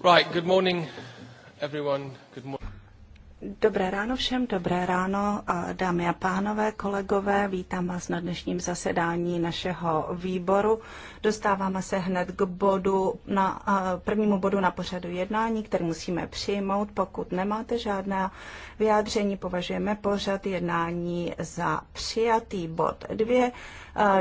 Right, good morning, everyone. Good morning. Dobré ráno všem, dobré ráno, dámy a pánové, kolegové, vítám vás na dnešním zasedání našeho výboru. Dostáváme se hned k bodu na, prvnímu bodu na pořadu jednání, který musíme přijmout. Pokud nemáte žádné vyjádření, považujeme pořad jednání za přijatý bod Dvě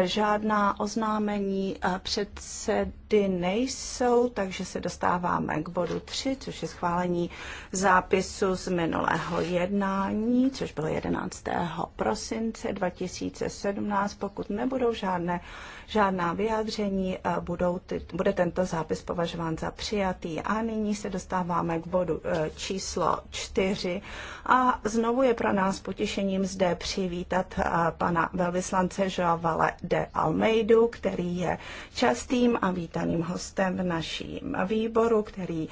Žádná oznámení předsedy nejsou, takže se dostáváme k bodu 3, což je schválení zápisu z minulého společného jednání, což bylo 11. prosince 2017. Pokud nebudou žádné, žádná vyjádření, eh, budou ty, bude tento zápis považován za přijatý. A nyní se dostáváme k bodu eh, číslo 4. A znovu je pro nás potěšením zde přivítat eh, pana velvyslance Joavale de Almeidu, který je častým a vítaným hostem v naším výboru, který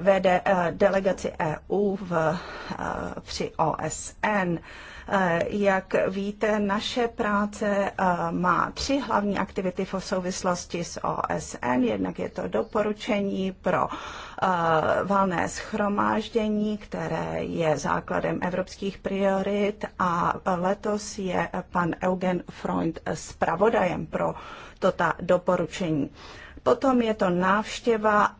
vede delegaci EU v Eh, při OSN. Eh, jak víte, naše práce eh, má tři hlavní aktivity v souvislosti s OSN. Jednak je to doporučení pro valné schromáždění, které je základem evropských priorit a letos je pan Eugen Freund zpravodajem pro toto doporučení. Potom je to návštěva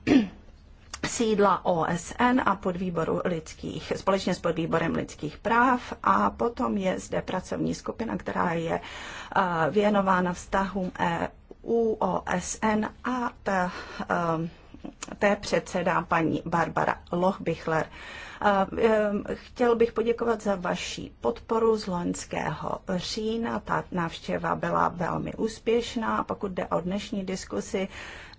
sídla OSN a podvýboru lidských, společně s podvýborem lidských práv a potom je zde pracovní skupina, která je eh, věnována vztahům EU, OSN a eh, té předsedá paní Barbara Lochbichler. A chtěl bych poděkovat za vaši podporu z loňského října. Ta návštěva byla velmi úspěšná. Pokud jde o dnešní diskusi,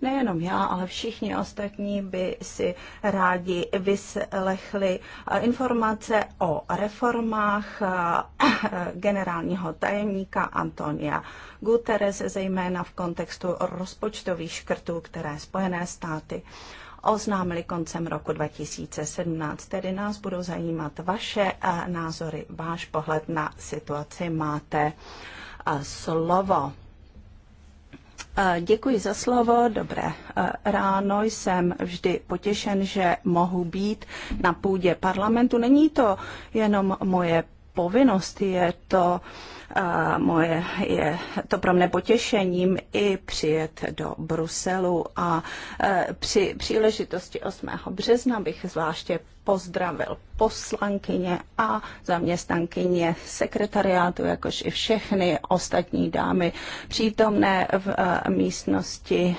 nejenom já, ale všichni ostatní by si rádi vyslechli informace o reformách generálního tajemníka Antonia Guterres, zejména v kontextu rozpočtových škrtů, které Spojené státy oznámili koncem roku 2017. Tedy nás budou zajímat vaše eh, názory, váš pohled na situaci. Máte eh, slovo. Eh, děkuji za slovo, dobré ráno. Jsem vždy potěšen, že mohu být na půdě parlamentu. Není to jenom moje povinnost, je to uh, moje je to pro mne potěšením i přijet do Bruselu a e, při příležitosti 8. března bych zvláště pozdravil poslankyně a zaměstnankyně sekretariátu, jakož i všechny ostatní dámy přítomné v eh, místnosti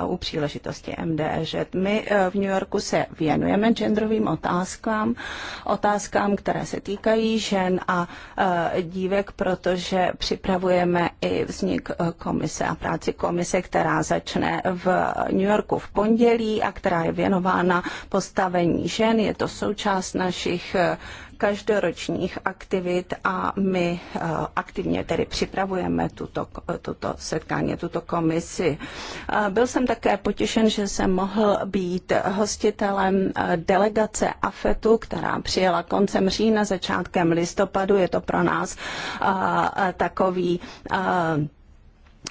eh, u příležitosti MDŽ. E My eh, v New Yorku se věnujeme genderovým otázkám, otázkám, které se týkají žen a dívek, protože připravujeme i vznik komise a práci komise, která začne v New Yorku v pondělí a která je věnována postavení žen. Je to součást našich eh, každoročních aktivit a my eh, aktivně tedy připravujeme tuto, eh, tuto setkání, tuto komisi. Byl jsem také potěšen, že jsem mohl být hostitelem delegace AFETu, která přijela koncem října, začátkem listopadu. Je to pro nás takový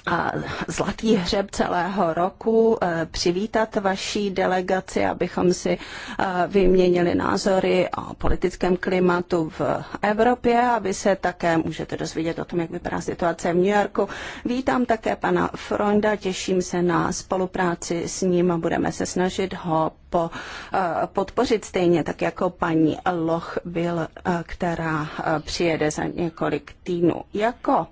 a zlatý hřeb celého roku eh, přivítat vaší delegaci, abychom si eh, vyměnili názory o politickém klimatu v Evropě a vy se také můžete dozvědět o tom, jak vypadá situace v New Yorku. Vítám také pana Fronda, těším se na spolupráci s ním a budeme se snažit ho po, eh, podpořit stejně tak jako paní Loch byl, která přijede za několik týdnů. Jako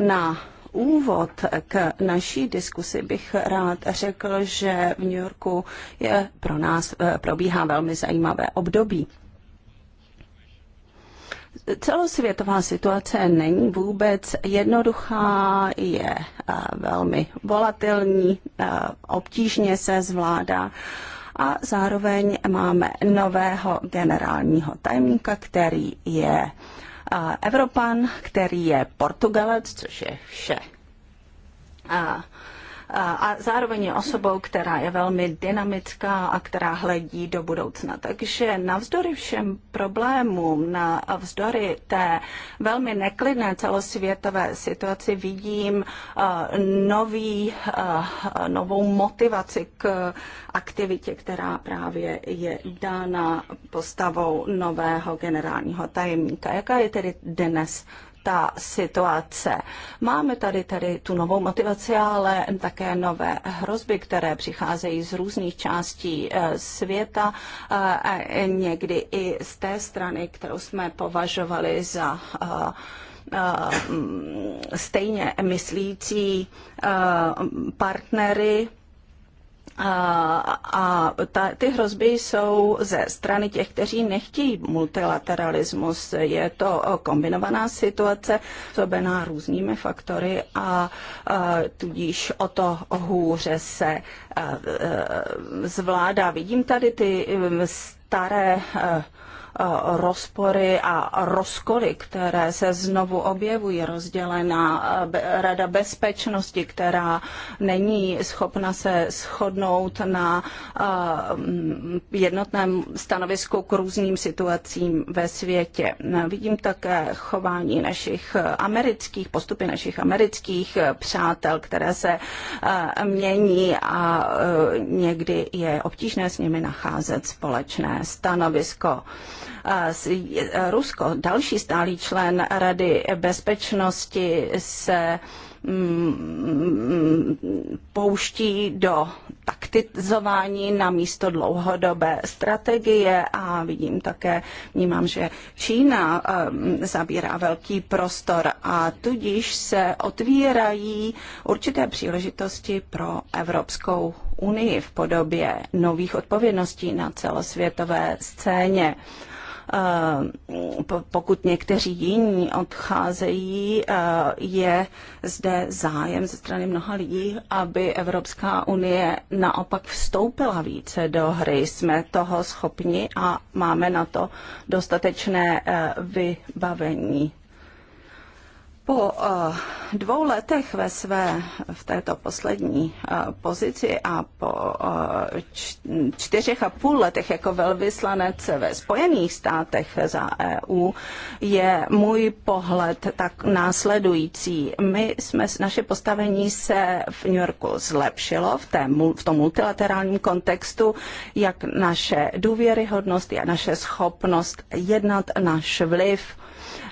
na úvod k naší diskusi bych rád řekl, že v New Yorku je pro nás eh, probíhá velmi zajímavé období. Celosvětová situace není vůbec jednoduchá, je eh, velmi volatilní, eh, obtížně se zvládá a zároveň máme nového generálního tajemníka, který je Evropan, který je Portugalec, což je vše. A a zároveň je osobou, která je velmi dynamická a která hledí do budoucna. Takže navzdory všem problémům, navzdory té velmi neklidné celosvětové situaci vidím uh, nový, uh, novou motivaci k aktivitě, která právě je dána postavou nového generálního tajemníka. Jaká je tedy dnes ta situace. Máme tady tady tu novou motivaci, ale také nové hrozby, které přicházejí z různých částí eh, světa, eh, někdy i z té strany, kterou jsme považovali za eh, stejně myslící partnery a, a ta, ty hrozby jsou ze strany těch, kteří nechtějí multilateralismus. Je to kombinovaná situace, zobená různými faktory a, a tudíž o to hůře se a, a, zvládá. Vidím tady ty um, staré. A, Eh, rozpory a rozkoly, které se znovu objevují, rozdělená eh, Rada bezpečnosti, která není schopna se shodnout na eh, mm, jednotném stanovisku k různým situacím ve světě. Vidím také chování našich amerických, postupy našich amerických přátel, které se mění a někdy je obtížné s nimi nacházet společné stanovisko. Rusko, další stálý člen Rady bezpečnosti, se mm, pouští do taktizování na místo dlouhodobé strategie a vidím také, vnímám, že Čína mm, zabírá velký prostor a tudíž se otvírají určité příležitosti pro Evropskou unii v podobě nových odpovědností na celosvětové scéně. Eh, pokud někteří jiní odcházejí, eh, je zde zájem ze strany mnoha lidí, aby Evropská unie naopak vstoupila více do hry. Jsme toho schopni a máme na to dostatečné eh, vybavení po eh, dvou letech ve své, v této poslední eh, pozici a po eh, čtyřech a půl letech jako velvyslanec ve Spojených státech za EU je můj pohled tak následující. My jsme, naše postavení se v New Yorku zlepšilo v, té, v tom multilaterálním kontextu, jak naše důvěryhodnost a naše schopnost jednat, náš vliv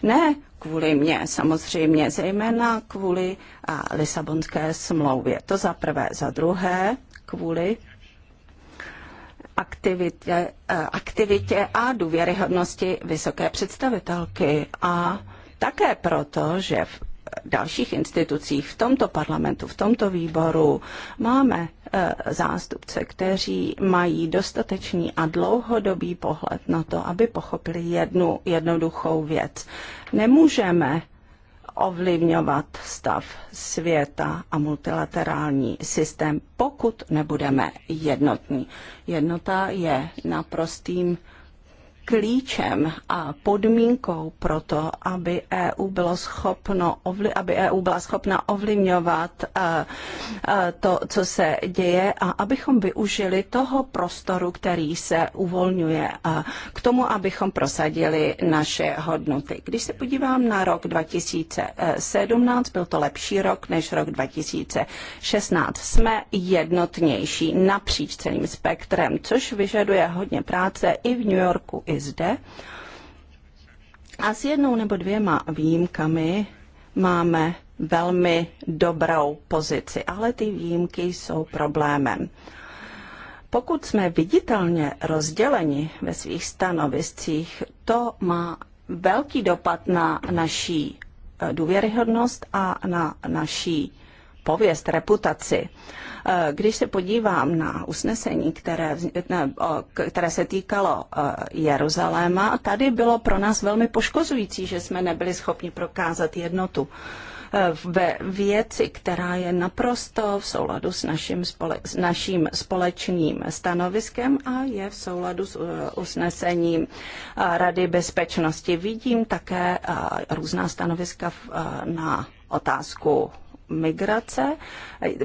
ne kvůli mně, samozřejmě zejména kvůli Lisabonské smlouvě. To za prvé. Za druhé, kvůli aktivitě, aktivitě a důvěryhodnosti vysoké představitelky. A také proto, že v dalších institucích, v tomto parlamentu, v tomto výboru máme eh, zástupce, kteří mají dostatečný a dlouhodobý pohled na to, aby pochopili jednu jednoduchou věc. Nemůžeme ovlivňovat stav světa a multilaterální systém, pokud nebudeme jednotní. Jednota je naprostým klíčem a podmínkou pro to, aby EU, bylo schopno, aby EU byla schopna ovlivňovat eh, eh, to, co se děje a abychom využili toho prostoru, který se uvolňuje k tomu, abychom prosadili naše hodnoty. Když se podívám na rok 2017, byl to lepší rok než rok 2016. Jsme jednotnější napříč celým spektrem, což vyžaduje hodně práce i v New Yorku, i zde. A s jednou nebo dvěma výjimkami máme velmi dobrou pozici, ale ty výjimky jsou problémem. Pokud jsme viditelně rozděleni ve svých stanoviscích, to má velký dopad na naší eh, důvěryhodnost a na naší pověst, reputaci. Eh, když se podívám na usnesení, které, ne, které se týkalo eh, Jeruzaléma, tady bylo pro nás velmi poškozující, že jsme nebyli schopni prokázat jednotu eh, ve věci, která je naprosto v souladu s naším, spole, s naším společným stanoviskem a je v souladu s usnesením Rady bezpečnosti. Vidím také různá stanoviska na otázku migrace.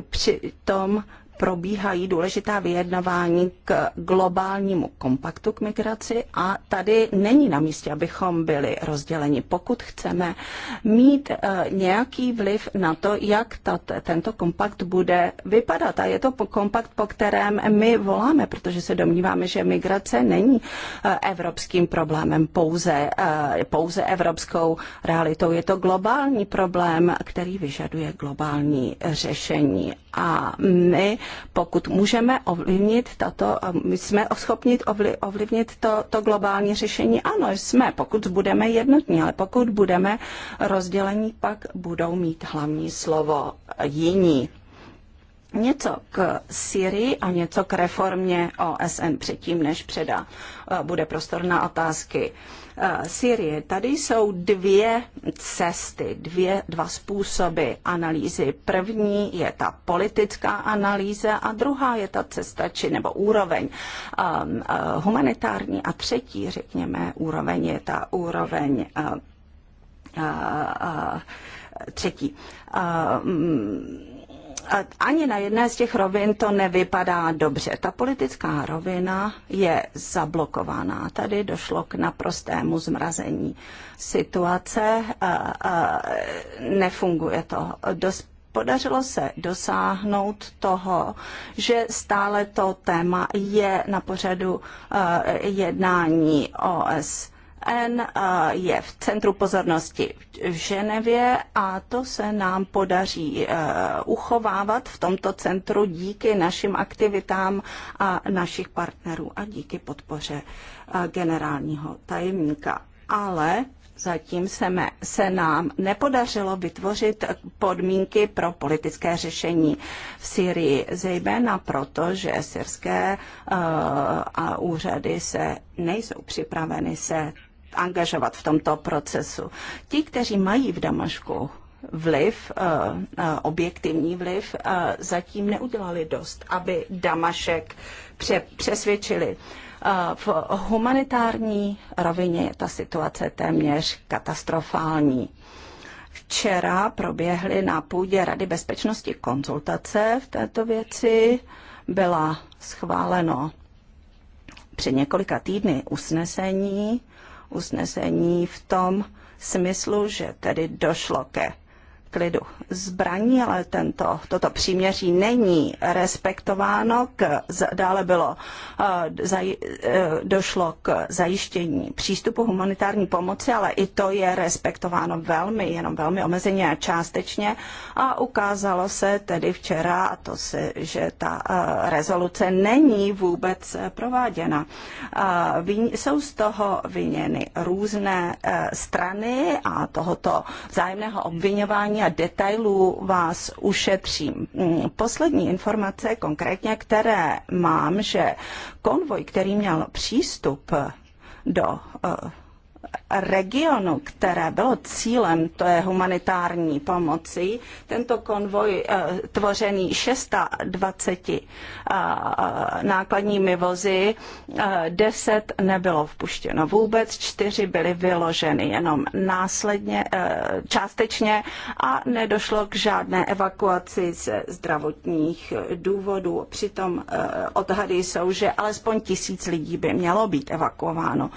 Přitom probíhají důležitá vyjednávání k globálnímu kompaktu k migraci a tady není na místě, abychom byli rozděleni. Pokud chceme mít eh, nějaký vliv na to, jak tento kompakt bude vypadat. A je to kompakt, po kterém my voláme, protože se domníváme, že migrace není eh, evropským problémem pouze, eh, pouze evropskou realitou. Je to globální problém, který vyžaduje globální řešení. A my pokud můžeme ovlivnit tato, my jsme schopni ovlivnit to, to globální řešení, ano, jsme, pokud budeme jednotní, ale pokud budeme rozdělení, pak budou mít hlavní slovo jiní něco k Syrii a něco k reformě OSN předtím, než předá, eh, bude prostor na otázky. Eh, Syrie. Tady jsou dvě cesty, dvě, dva způsoby analýzy. První je ta politická analýza a druhá je ta cesta či nebo úroveň um, humanitární a třetí, řekněme, úroveň je ta úroveň uh, uh, třetí. Um, ani na jedné z těch rovin to nevypadá dobře. Ta politická rovina je zablokovaná. Tady došlo k naprostému zmrazení situace. Nefunguje to. Dost podařilo se dosáhnout toho, že stále to téma je na pořadu jednání OS. OSN je v centru pozornosti v Ženevě a to se nám podaří eh, uchovávat v tomto centru díky našim aktivitám a našich partnerů a díky podpoře eh, generálního tajemníka. Ale Zatím se, me, se nám nepodařilo vytvořit podmínky pro politické řešení v Syrii, zejména proto, že syrské uh, a úřady se nejsou připraveny se angažovat v tomto procesu. Ti, kteří mají v Damašku vliv, eh, eh, objektivní vliv, eh, zatím neudělali dost, aby Damašek přesvědčili. V humanitární rovině je ta situace téměř katastrofální. Včera proběhly na půdě Rady bezpečnosti konzultace v této věci. Byla schváleno před několika týdny usnesení, usnesení v tom smyslu, že tedy došlo ke klidu zbraní, ale tento, toto příměří není respektováno. K, dále bylo, eh, zaj, eh, došlo k zajištění přístupu humanitární pomoci, ale i to je respektováno velmi, jenom velmi omezeně a částečně. A ukázalo se tedy včera, a to se, že ta eh, rezoluce není vůbec prováděna. Jsou z toho viněny různé strany a tohoto vzájemného obvinování a detailů vás ušetřím. Mm, poslední informace konkrétně, které mám, že konvoj, který měl přístup do eh, regionu, které bylo cílem té humanitární pomoci, tento konvoj eh, tvořený 620 eh, nákladními vozy, 10 eh, nebylo vpuštěno vůbec, 4 byly vyloženy jenom následně, částečně a nedošlo k žádné evakuaci ze zdravotních důvodů. Přitom odhady jsou, že alespoň tisíc lidí by mělo být evakuováno.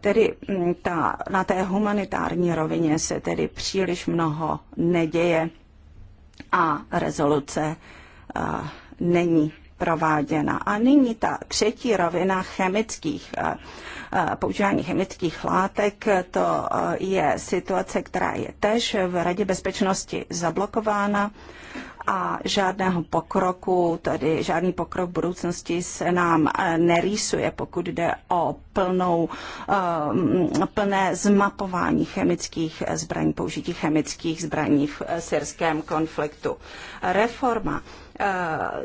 Tedy hm, ta, na té humanitární rovině se tedy příliš mnoho neděje a rezoluce uh, není prováděna. A nyní ta třetí rovina chemických, eh, eh, používání chemických látek, to je situace, která je tež v Radě bezpečnosti zablokována a žádného pokroku, tedy žádný pokrok v budoucnosti se nám eh, nerýsuje, pokud jde o plnou, eh, plné zmapování chemických zbraní, použití chemických zbraní v eh, syrském konfliktu. Reforma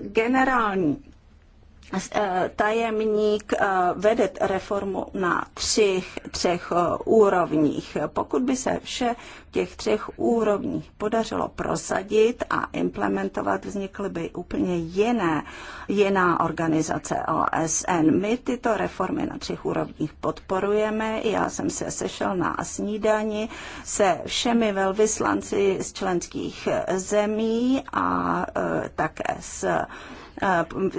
generální Eh, tajemník eh, vede reformu na třech, třech eh, úrovních. Pokud by se vše v těch třech úrovních podařilo prosadit a implementovat, vznikly by úplně jiné, jiná organizace OSN. My tyto reformy na třech úrovních podporujeme. Já jsem se sešel na snídani se všemi velvyslanci z členských zemí a také s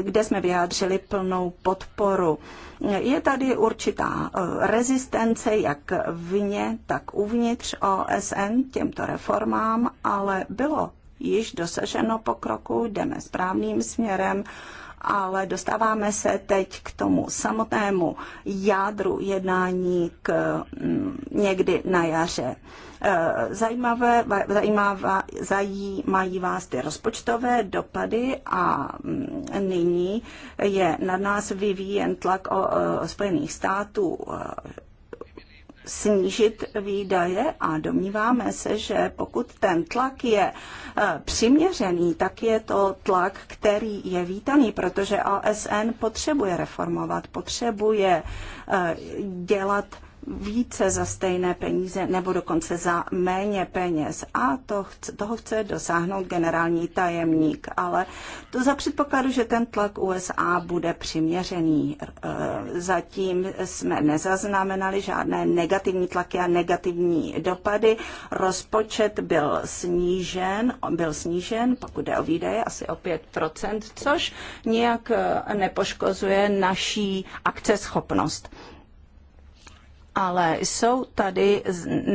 kde jsme vyjádřili plnou podporu. Je tady určitá e, rezistence jak vně, tak uvnitř OSN těmto reformám, ale bylo již dosaženo pokroku, jdeme správným směrem ale dostáváme se teď k tomu samotnému jádru jednání k někdy na jaře. Eh, zajímavé, zajímavá, zajímají vás ty rozpočtové dopady a mm, nyní je na nás vyvíjen tlak o, eh, o Spojených států eh, snížit výdaje a domníváme se, že pokud ten tlak je přiměřený, tak je to tlak, který je vítaný, protože OSN potřebuje reformovat, potřebuje dělat více za stejné peníze nebo dokonce za méně peněz. A to, toho chce dosáhnout generální tajemník, ale to za předpokladu, že ten tlak USA bude přiměřený. E, zatím jsme nezaznamenali žádné negativní tlaky a negativní dopady. Rozpočet byl snížen, byl snížen, pokud jde o výdaje, asi o 5%, což nijak nepoškozuje naší akceschopnost ale jsou tady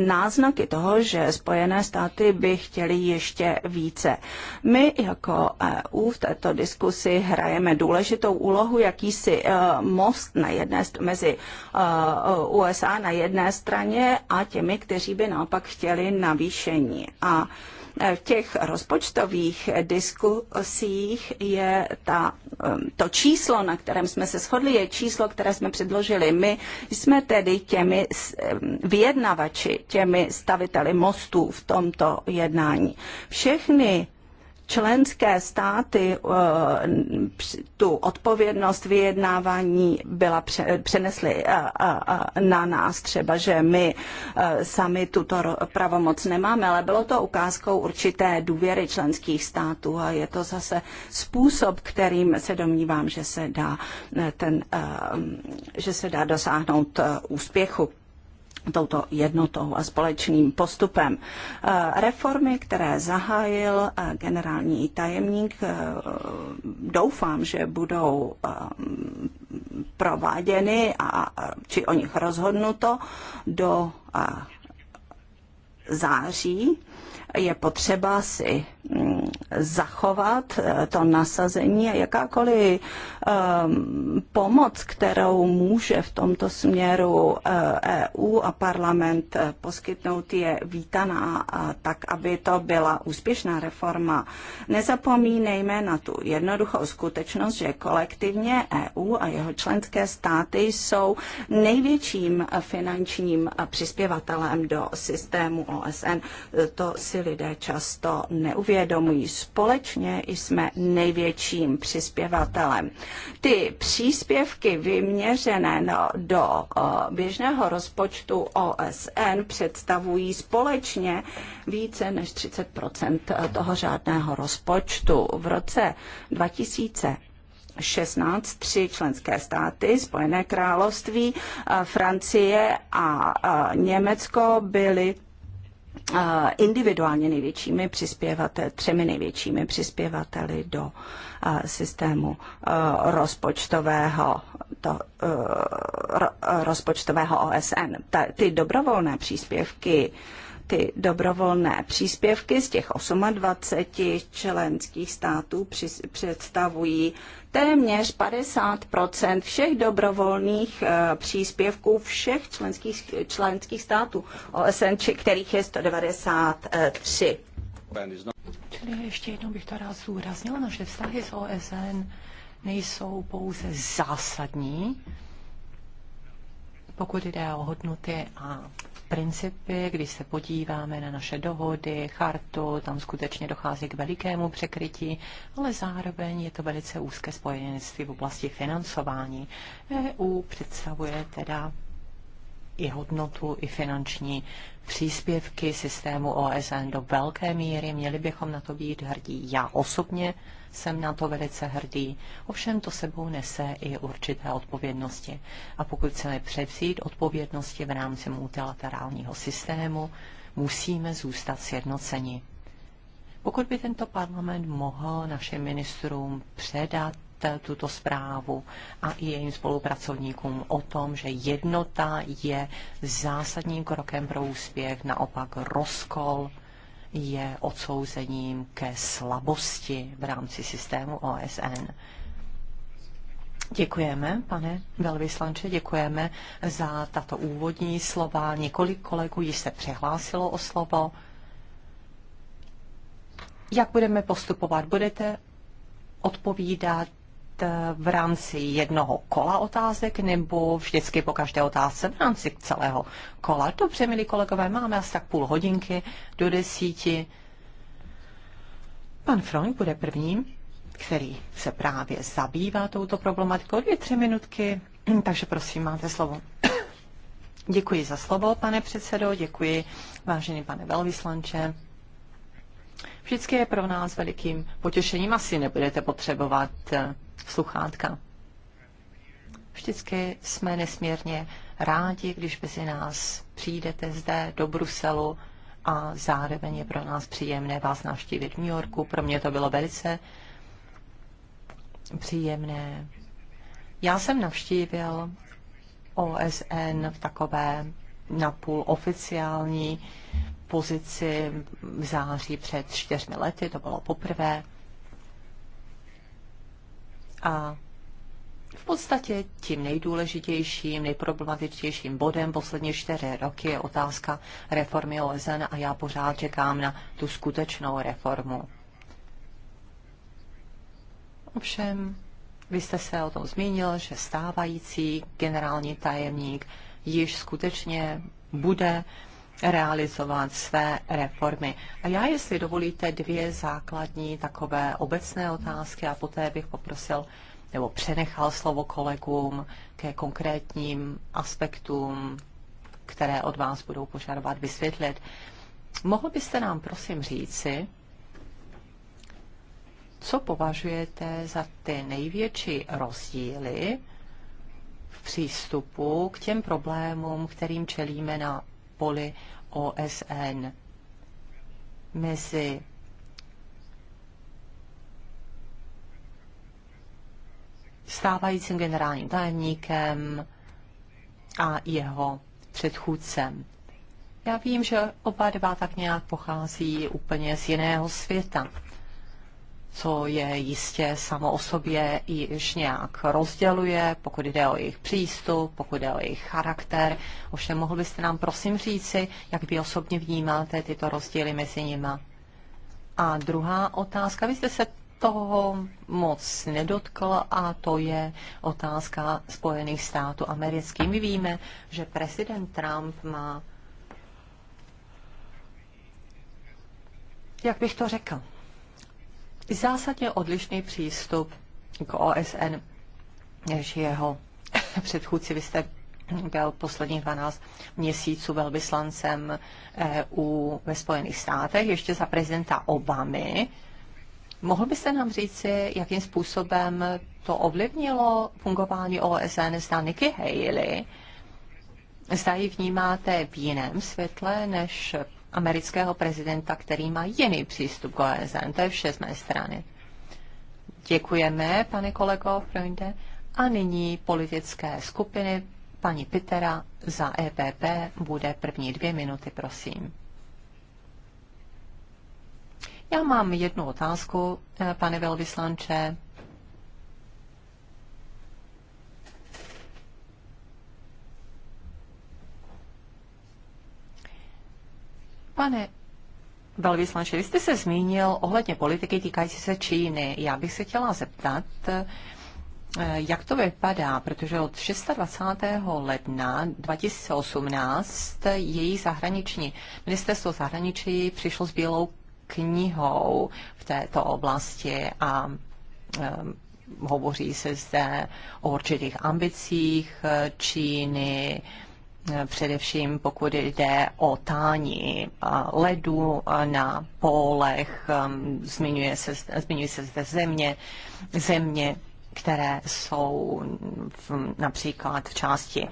náznaky toho, že Spojené státy by chtěly ještě více. My jako EU v této diskusi hrajeme důležitou úlohu, jakýsi e, most na jedné, mezi e, USA na jedné straně a těmi, kteří by naopak chtěli navýšení. A v těch rozpočtových diskusích je ta, um, to číslo, na kterém jsme se shodli, je číslo, které jsme předložili my. Jsme tedy těmi um, vyjednavači, těmi staviteli mostů v tomto jednání. Všechny členské státy eh, tu odpovědnost vyjednávání byla přenesly eh, eh, na nás třeba, že my sami tuto pravomoc nemáme, ale bylo to ukázkou určité důvěry členských států a je to zase způsob, kterým se domnívám, že se dá, ten, že se dá dosáhnout úspěchu touto jednotou a společným postupem. Eh, reformy, které zahájil eh, generální tajemník, eh, doufám, že budou prováděny a či o nich rozhodnuto do září. Je potřeba si Mm, zachovat eh, to nasazení a jakákoliv um, pomoc, kterou může v tomto směru uh, eh, EU a parlament poskytnout, je vítaná tak, aby to byla úspěšná reforma. Nezapomínejme na tu jednoduchou skutečnost, že kolektivně EU a jeho členské státy jsou největším finančním přispěvatelem do systému OSN. To si lidé často neuvědomují uvědomují. Společně jsme největším přispěvatelem. Ty příspěvky vyměřené do běžného rozpočtu OSN představují společně více než 30 toho řádného rozpočtu. V roce 2000 16 tři členské státy, Spojené království, Francie a Německo byly individuálně největšími přispěvateli, třemi největšími přispěvateli do systému rozpočtového, to, rozpočtového OSN. Ta, ty dobrovolné příspěvky ty dobrovolné příspěvky z těch 28 členských států představují téměř 50 všech dobrovolných eh, příspěvků všech členských, členských států OSN, či kterých je 193. Čili ještě jednou bych to rád zúraznila, naše vztahy s OSN nejsou pouze zásadní, pokud jde o hodnoty a principy, když se podíváme na naše dohody, chartu, tam skutečně dochází k velikému překrytí, ale zároveň je to velice úzké spojenství v oblasti financování. EU představuje teda i hodnotu, i finanční příspěvky systému OSN do velké míry. Měli bychom na to být hrdí. Já osobně jsem na to velice hrdý. Ovšem to sebou nese i určité odpovědnosti. A pokud chceme převzít odpovědnosti v rámci multilaterálního systému, musíme zůstat sjednoceni. Pokud by tento parlament mohl našim ministrům předat tuto zprávu a i jejím spolupracovníkům o tom, že jednota je zásadním krokem pro úspěch, naopak rozkol je odsouzením ke slabosti v rámci systému OSN. Děkujeme, pane velvyslanče, děkujeme za tato úvodní slova. Několik kolegů již se přihlásilo o slovo. Jak budeme postupovat? Budete odpovídat Eh, v rámci jednoho kola otázek nebo vždycky po každé otázce v rámci celého kola. Dobře, milí kolegové, máme asi tak půl hodinky do desíti. Pan Freund bude prvním, který se právě zabývá touto problematikou. Dvě, tři minutky, takže prosím, máte slovo. Děkuji za slovo, pane předsedo, děkuji, vážený pane velvyslanče. Vždycky je pro nás velikým potěšením. Asi nebudete potřebovat eh, sluchátka. Vždycky jsme nesmírně rádi, když mezi nás přijdete zde do Bruselu a zároveň je pro nás příjemné vás navštívit v New Yorku. Pro mě to bylo velice příjemné. Já jsem navštívil OSN v takové napůl oficiální pozici v září před čtyřmi lety, to bylo poprvé. A v podstatě tím nejdůležitějším, nejproblematičtějším bodem poslední čtyři roky je otázka reformy OSN a já pořád čekám na tu skutečnou reformu. Ovšem, vy jste se o tom zmínil, že stávající generální tajemník již skutečně bude realizovat své reformy. A já, jestli dovolíte, dvě základní takové obecné otázky a poté bych poprosil nebo přenechal slovo kolegům ke konkrétním aspektům, které od vás budou požadovat vysvětlit. Mohl byste nám prosím říci, co považujete za ty největší rozdíly v přístupu k těm problémům, kterým čelíme na poli OSN mezi stávajícím generálním tajemníkem a jeho předchůdcem. Já vím, že oba dva tak nějak pochází úplně z jiného světa co je jistě samo o sobě již nějak rozděluje, pokud jde o jejich přístup, pokud jde o jejich charakter. Ovšem mohl byste nám prosím říci, jak vy osobně vnímáte tyto rozdíly mezi nima? A druhá otázka, vy jste se toho moc nedotkl a to je otázka Spojených států amerických. My víme, že prezident Trump má, jak bych to řekl, zásadně odlišný přístup k OSN než jeho předchůdci. Vy jste byl posledních 12 měsíců velvyslancem EU ve Spojených státech, ještě za prezidenta Obamy. Mohl byste nám říci, jakým způsobem to ovlivnilo fungování OSN zda Nikki Haley? Zda ji vnímáte v jiném světle než amerického prezidenta, který má jiný přístup k OSN. To je vše z mé strany. Děkujeme, pane kolego Freunde. A nyní politické skupiny. Paní Pitera za EPP bude první dvě minuty, prosím. Já mám jednu otázku, eh, pane velvyslanče. Pane velvyslanče, vy jste se zmínil ohledně politiky týkající se Číny. Já bych se chtěla zeptat, eh, jak to vypadá, protože od 26. ledna 2018 její zahraniční, ministerstvo zahraničí přišlo s bílou knihou v této oblasti a um, hovoří se zde o určitých ambicích eh, Číny, především pokud jde o tání ledu na pólech, um, zmiňuje se, zmiňuje se zde země, země, které jsou v, například v části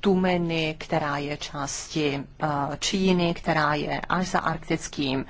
Tumeny, která je části uh, Číny, která je až za arktickým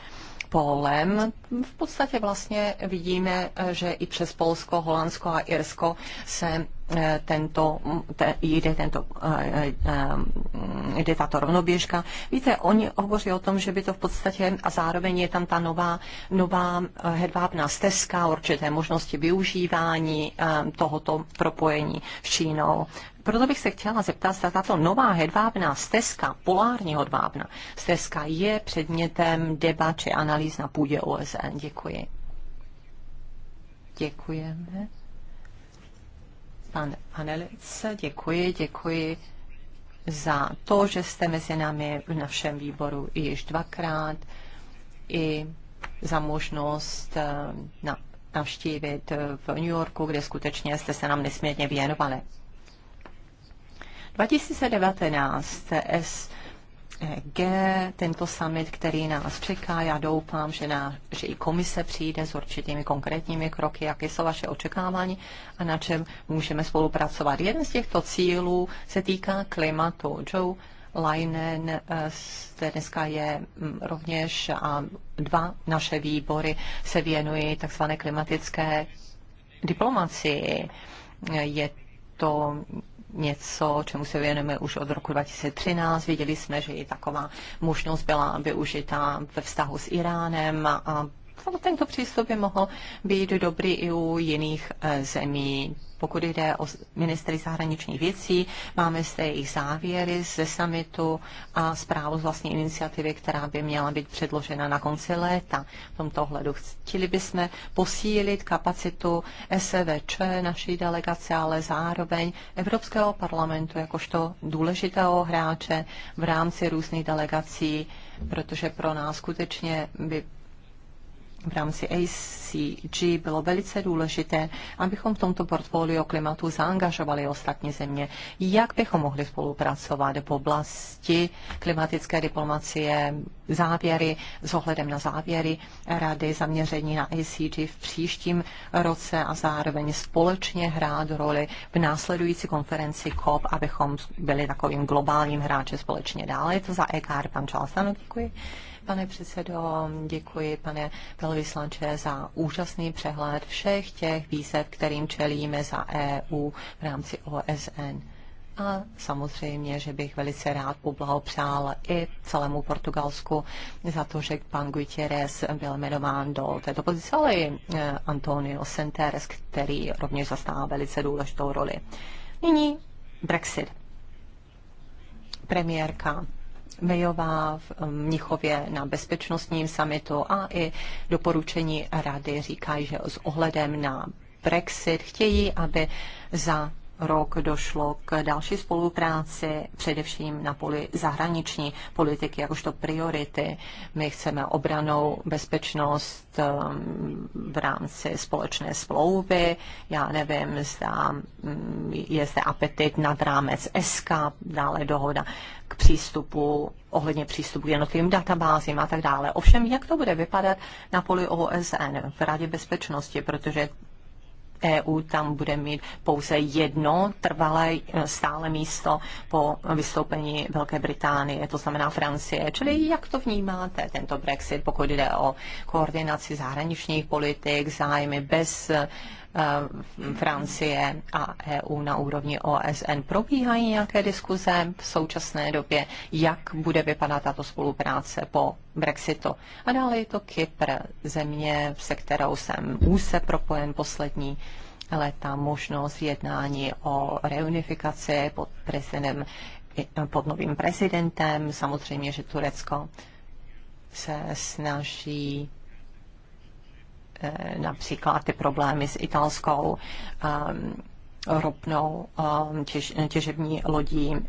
polem. V podstatě vlastně vidíme, že i přes Polsko, Holandsko a Irsko se Eh, tento, mm, te, jde, tento, eh, eh, jde tato rovnoběžka. Víte, oni hovoří o tom, že by to v podstatě a zároveň je tam ta nová, nová hedvábná stezka, určité možnosti využívání tohoto propojení s Čínou. Proto bych se chtěla zeptat, zda tato nová hedvábná stezka, polární hedvábná stezka, je předmětem debat či analýz na půdě OSN. Děkuji. Děkujeme pan Panelice, děkuji, děkuji za to, že jste mezi námi v našem výboru i již dvakrát, i za možnost eh, navštívit eh, v New Yorku, kde skutečně jste se nám nesmírně věnovali. 2019 S E G, tento summit, který nás čeká. Já doufám, že, na, že i komise přijde s určitými konkrétními kroky, jaké jsou vaše očekávání a na čem můžeme spolupracovat. Jeden z těchto cílů se týká klimatu. Joe Leinen e, dneska je mm, rovněž a dva naše výbory se věnují takzvané klimatické diplomacii. Je to něco, čemu se věnujeme už od roku 2013. Viděli jsme, že i taková možnost byla využita ve vztahu s Iránem a No, tento přístup by mohl být dobrý i u jiných e, zemí. Pokud jde o ministry zahraničních věcí, máme zde jejich závěry ze samitu a zprávu z vlastní iniciativy, která by měla být předložena na konci léta. V tomto ohledu chtěli bychom posílit kapacitu SVČ naší delegace, ale zároveň Evropského parlamentu jakožto důležitého hráče v rámci různých delegací, protože pro nás skutečně by v rámci ACG bylo velice důležité, abychom v tomto portfoliu klimatu zaangažovali ostatní země. Jak bychom mohli spolupracovat v oblasti klimatické diplomacie, závěry, s ohledem na závěry rady, zaměření na ACG v příštím roce a zároveň společně hrát roli v následující konferenci COP, abychom byli takovým globálním hráčem společně dále. Je to za EKR, pan Čalstano, děkuji pane předsedo, děkuji, pane velvyslanče, za úžasný přehled všech těch výzev, kterým čelíme za EU v rámci OSN. A samozřejmě, že bych velice rád poblahopřál i celému Portugalsku za to, že pan Gutierrez byl jmenován do této pozice, ale i e, Antonio Senteres, který rovněž zastává velice důležitou roli. Nyní Brexit. Premiérka Mejová v um, Mnichově na bezpečnostním samitu a i doporučení rady říkají, že s ohledem na Brexit chtějí, aby za rok došlo k další spolupráci, především na poli zahraniční politiky, jakožto priority. My chceme obranou bezpečnost um, v rámci společné smlouvy. Já nevím, zda mm, je zde apetit nad rámec SK, dále dohoda k přístupu, ohledně přístupu k jednotlivým databázím a tak dále. Ovšem, jak to bude vypadat na poli OSN v Radě bezpečnosti, protože EU tam bude mít pouze jedno trvalé eh, stále místo po vystoupení Velké Británie, to znamená Francie. Čili jak to vnímáte, tento Brexit, pokud jde o koordinaci zahraničních politik, zájmy bez eh, Eh, Francie a EU na úrovni OSN. Probíhají nějaké diskuze v současné době, jak bude vypadat tato spolupráce po Brexitu. A dále je to Kypr, země, se kterou jsem úse propojen poslední léta možnost jednání o reunifikaci pod, prezidentem, pod novým prezidentem. Samozřejmě, že Turecko se snaží Eh, například ty problémy s italskou ehm, ropnou ehm, těž, těžební lodí, ehm,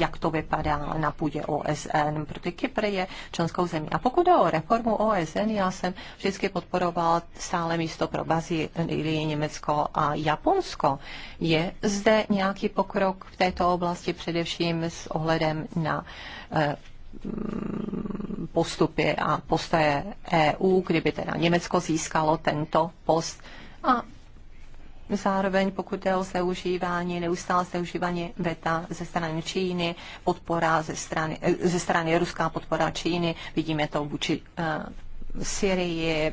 jak to vypadá na půdě OSN, protože Kypr je členskou zemí. A pokud jde o reformu OSN, já jsem vždycky podporoval stále místo pro Brazílii, Německo a Japonsko. Je zde nějaký pokrok v této oblasti, především s ohledem na eh, postupy a postoje EU, kdyby teda Německo získalo tento post. A zároveň, pokud je o zneužívání, neustále zneužívání VETA ze strany Číny, podpora ze strany, ze strany ruská podpora Číny, vidíme to vůči eh, Syrii,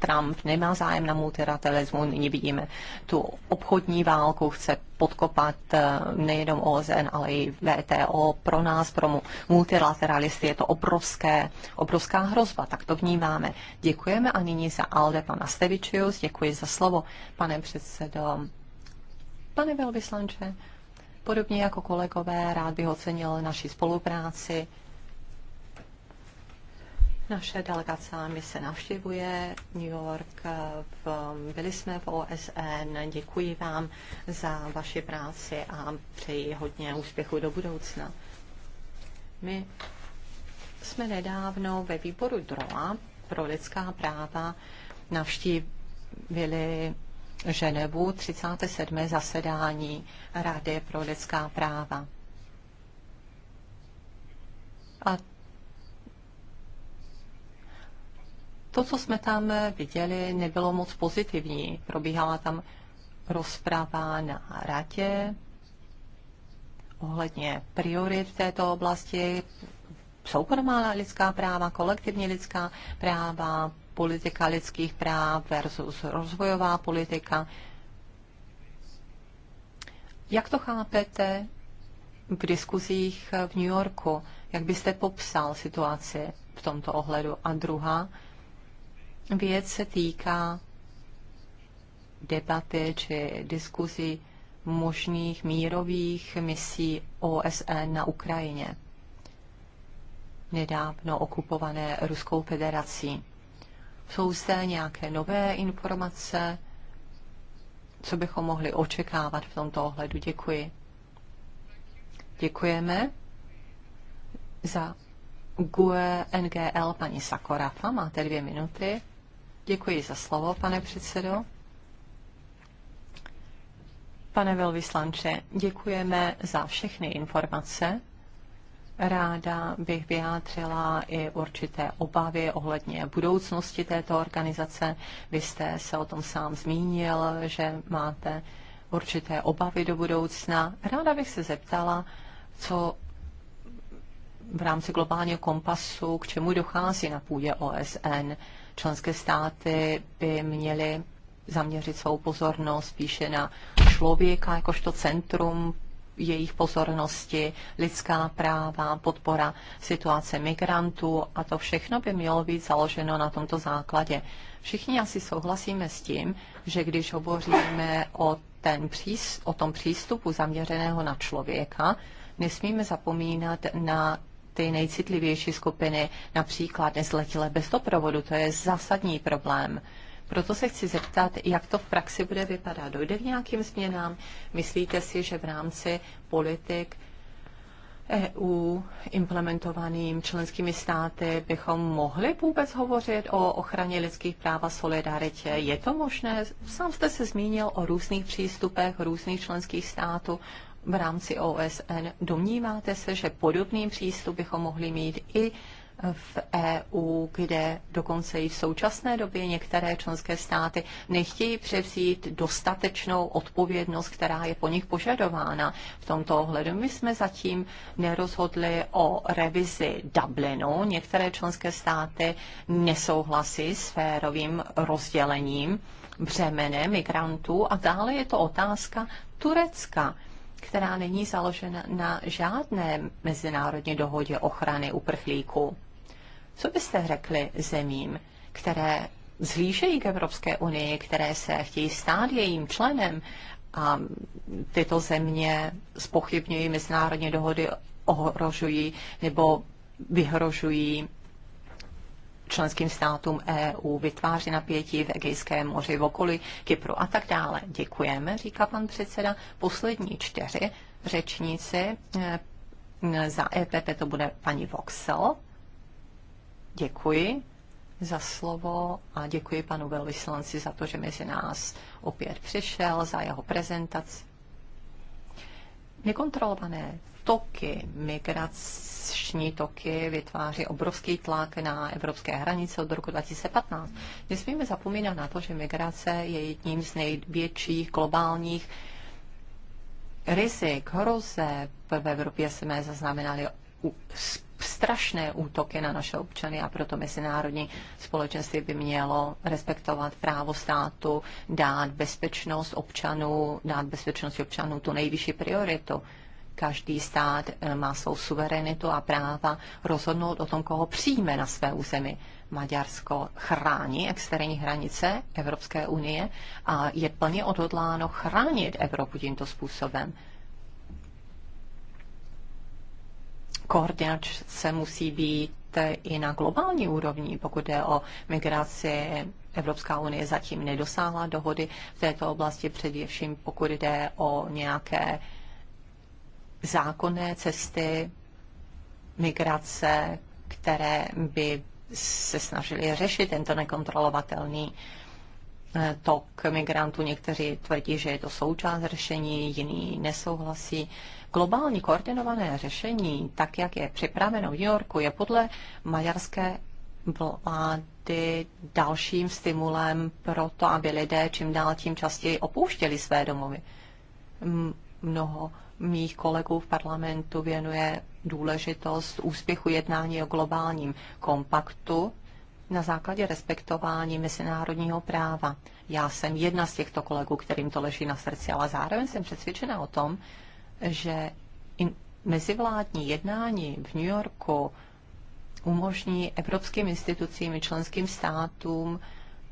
Trump nemá zájem na multilateralismu, nyní vidíme tu obchodní válku, chce podkopat eh, nejenom OSN, ale i VTO. Pro nás, pro multilateralisty je to obrovské, obrovská hrozba, tak to vnímáme. Děkujeme a nyní za Alde pana Stevičius, děkuji za slovo, pane předsedo. Pane velvyslanče, podobně jako kolegové, rád bych ocenil naši spolupráci naše delegace a se navštěvuje New York. Byli jsme v OSN. Děkuji vám za vaši práci a přeji hodně úspěchu do budoucna. My jsme nedávno ve výboru DROA pro lidská práva navštívili Ženevu 37. zasedání Rady pro lidská práva. A To, co jsme tam viděli, nebylo moc pozitivní. Probíhala tam rozprava na ratě ohledně priorit v této oblasti, soukromá lidská práva, kolektivní lidská práva, politika lidských práv versus rozvojová politika. Jak to chápete v diskuzích v New Yorku? Jak byste popsal situaci v tomto ohledu? A druhá věc se týká debaty či diskuzí možných mírových misí OSN e na Ukrajině, nedávno okupované Ruskou federací. Jsou zde nějaké nové informace, co bychom mohli očekávat v tomto ohledu? Děkuji. Děkujeme za GUE NGL paní Sakorafa. Máte dvě minuty. Děkuji za slovo, pane předsedo. Pane velvyslanče, děkujeme za všechny informace. Ráda bych vyjádřila i určité obavy ohledně budoucnosti této organizace. Vy jste se o tom sám zmínil, že máte určité obavy do budoucna. Ráda bych se zeptala, co v rámci globálního kompasu, k čemu dochází na půdě OSN. Členské státy by měly zaměřit svou pozornost spíše na člověka jakožto centrum jejich pozornosti, lidská práva, podpora situace migrantů a to všechno by mělo být založeno na tomto základě. Všichni asi souhlasíme s tím, že když hovoříme o, ten, o tom přístupu zaměřeného na člověka, nesmíme zapomínat na ty nejcitlivější skupiny, například nezletilé bez doprovodu. To je zásadní problém. Proto se chci zeptat, jak to v praxi bude vypadat. Dojde k nějakým změnám? Myslíte si, že v rámci politik EU implementovaným členskými státy bychom mohli vůbec hovořit o ochraně lidských práv a solidaritě. Je to možné? Sám jste se zmínil o různých přístupech různých členských států, v rámci OSN. Domníváte se, že podobný přístup bychom mohli mít i v EU, kde dokonce i v současné době některé členské státy nechtějí převzít dostatečnou odpovědnost, která je po nich požadována. V tomto ohledu my jsme zatím nerozhodli o revizi Dublinu. Některé členské státy nesouhlasí s férovým rozdělením břemene migrantů a dále je to otázka Turecka která není založena na žádné mezinárodní dohodě ochrany uprchlíků. Co byste řekli zemím, které zhlížejí k Evropské unii, které se chtějí stát jejím členem a tyto země spochybňují mezinárodní dohody, ohrožují nebo vyhrožují členským státům EU, vytváří napětí v Egejském moři, v okolí Kypru a tak dále. Děkujeme, říká pan předseda. Poslední čtyři řečníci eh, za EPP to bude paní Voxel. Děkuji za slovo a děkuji panu velvyslanci za to, že mezi nás opět přišel, za jeho prezentaci. Nekontrolované toky, migrační toky vytváří obrovský tlak na evropské hranice od roku 2015. Nesmíme zapomínat na to, že migrace je jedním z největších globálních rizik, hroze V Evropě jsme zaznamenali strašné útoky na naše občany a proto mezinárodní společenství by mělo respektovat právo státu, dát bezpečnost občanů, dát bezpečnost občanů tu nejvyšší prioritu každý stát eh, má svou suverenitu a práva rozhodnout o tom, koho přijme na své území. Maďarsko chrání externí hranice Evropské unie a je plně odhodláno chránit Evropu tímto způsobem. Koordinace musí být eh, i na globální úrovni, pokud je o migraci Evropská unie zatím nedosáhla dohody v této oblasti, především pokud jde o nějaké zákonné cesty migrace, které by se snažili řešit tento nekontrolovatelný eh, tok migrantů. Někteří tvrdí, že je to součást řešení, jiní nesouhlasí. Globální koordinované řešení, tak jak je připraveno v New Yorku, je podle maďarské vlády dalším stimulem pro to, aby lidé čím dál tím častěji opouštěli své domovy mnoho mých kolegů v parlamentu věnuje důležitost úspěchu jednání o globálním kompaktu na základě respektování mezinárodního práva. Já jsem jedna z těchto kolegů, kterým to leží na srdci, ale zároveň jsem přesvědčena o tom, že i mezivládní jednání v New Yorku umožní evropským institucím i členským státům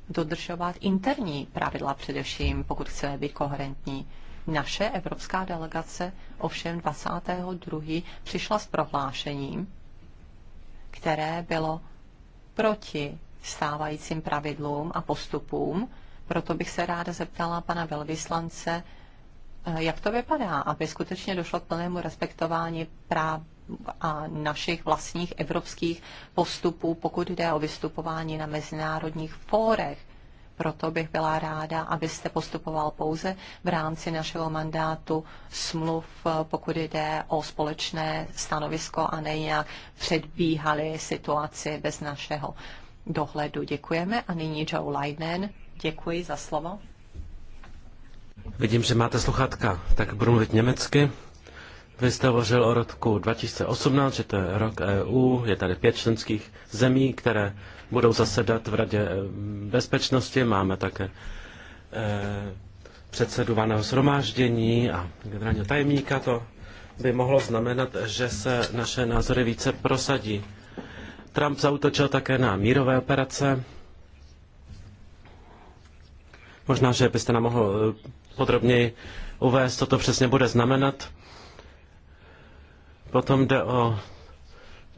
dodržovat interní pravidla především, pokud chceme být koherentní. Naše evropská delegace ovšem 22. přišla s prohlášením, které bylo proti stávajícím pravidlům a postupům. Proto bych se ráda zeptala pana velvyslance, eh, jak to vypadá, aby skutečně došlo k plnému respektování práv a našich vlastních evropských postupů, pokud jde o vystupování na mezinárodních fórech. Proto bych byla ráda, abyste postupoval pouze v rámci našeho mandátu smluv, pokud jde o společné stanovisko a nejak předbíhali situaci bez našeho dohledu. Děkujeme a nyní Joe Leiden. Děkuji za slovo. Vidím, že máte sluchátka, tak budu mluvit německy. Vy jste hovořil o roku 2018, že to je rok EU, je tady pět členských zemí, které budou zasedat v Radě eh, bezpečnosti. Máme také eh, předsedu vaného shromáždění a generálního tajemníka. To by mohlo znamenat, že se naše názory více prosadí. Trump zautočil také na mírové operace. Možná, že byste nám mohl eh, podrobněji uvést, co to přesně bude znamenat. Potom jde o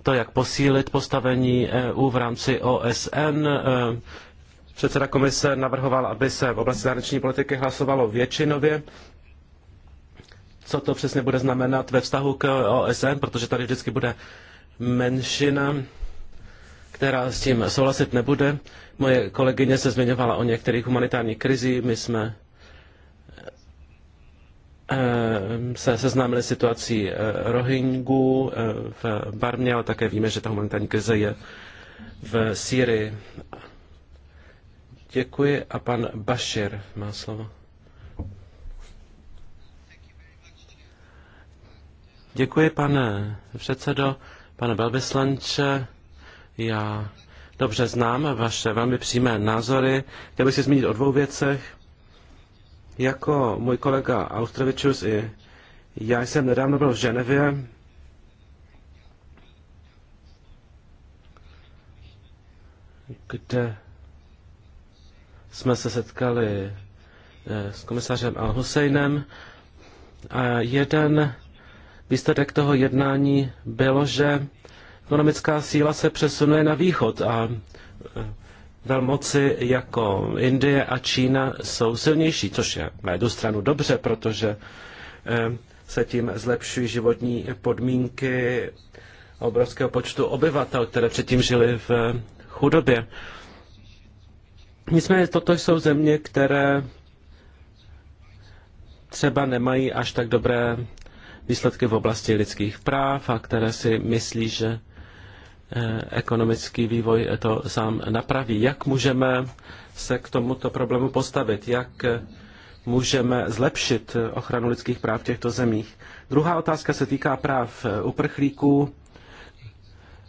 to, jak posílit postavení EU v rámci OSN. E, předseda komise navrhoval, aby se v oblasti zahraniční politiky hlasovalo většinově. Co to přesně bude znamenat ve vztahu k OSN, protože tady vždycky bude menšina, která s tím souhlasit nebude. Moje kolegyně se zmiňovala o některých humanitárních krizích. My jsme Ehm, se seznámili situací eh, Rohingů eh, v Barmě, ale také víme, že ta humanitární krize je v Sýrii. Děkuji a pan Bashir má slovo. Děkuji, pane předsedo, pane velvyslanče. Já dobře znám vaše velmi přímé názory. Chtěl bych se zmínit o dvou věcech. Jako můj kolega Austrovičus i já jsem nedávno byl v Ženevě kde jsme se setkali eh, s komisařem Al-Husseinem a jeden výsledek toho jednání bylo, že ekonomická síla se přesunuje na východ a eh, velmoci jako Indie a Čína jsou silnější, což je na jednu stranu dobře, protože eh, se tím zlepšují životní podmínky obrovského počtu obyvatel, které předtím žili v eh, chudobě. Nicméně toto jsou země, které třeba nemají až tak dobré výsledky v oblasti lidských práv a které si myslí, že Eh, ekonomický vývoj to sám napraví. Jak můžeme se k tomuto problému postavit? Jak eh, můžeme zlepšit eh, ochranu lidských práv v těchto zemích? Druhá otázka se týká práv uprchlíků.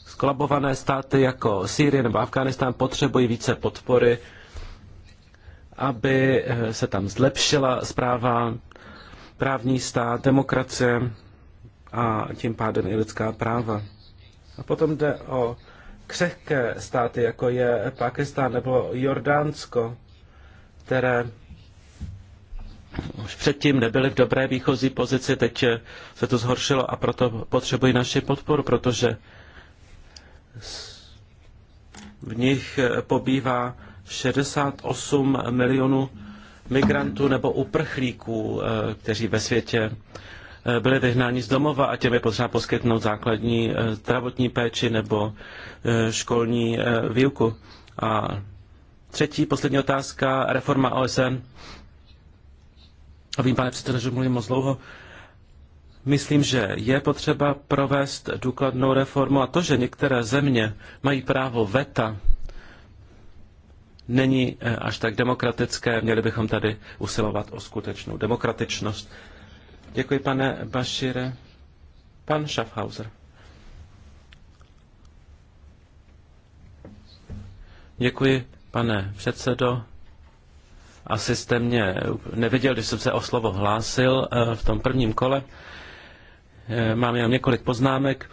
Skolabované státy jako Sýrie nebo Afghánistán potřebují více podpory, aby se tam zlepšila zpráva, právní stát, demokracie a tím pádem i lidská práva. A potom jde o křehké státy, jako je Pakistán nebo Jordánsko, které už předtím nebyly v dobré výchozí pozici, teď se to zhoršilo a proto potřebují naši podporu, protože v nich pobývá 68 milionů migrantů nebo uprchlíků, eh, kteří ve světě Eh, byli vyhnáni z domova a těm je potřeba poskytnout základní eh, zdravotní péči nebo eh, školní výuku. A třetí, poslední otázka, reforma OSN. vím, pane předsedo, že mluvím moc dlouho. Myslím, že je potřeba provést důkladnou reformu a to, že některé země mají právo veta, není až tak demokratické. Měli bychom tady usilovat o skutečnou demokratičnost. Děkuji, pane Bašire. Pan Schaffhauser. Děkuji, pane předsedo. Asi jste mě neviděl, když jsem se o slovo hlásil eh, v tom prvním kole. Eh, mám jenom několik poznámek.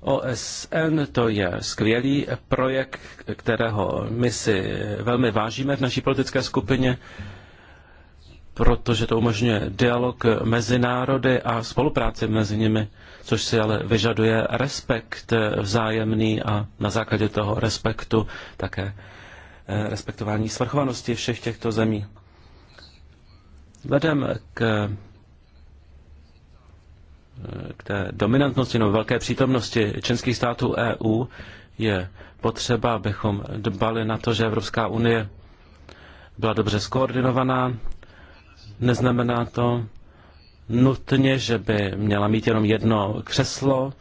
OSN to je skvělý projekt, kterého my si velmi vážíme v naší politické skupině protože to umožňuje dialog mezi národy a spolupráci mezi nimi, což si ale vyžaduje respekt vzájemný a na základě toho respektu také eh, respektování svrchovanosti všech těchto zemí. Vzhledem k, eh, k té dominantnosti nebo velké přítomnosti členských států EU je potřeba, abychom dbali na to, že Evropská unie byla dobře skoordinovaná, Neznamená to nutně, že by měla mít jenom jedno křeslo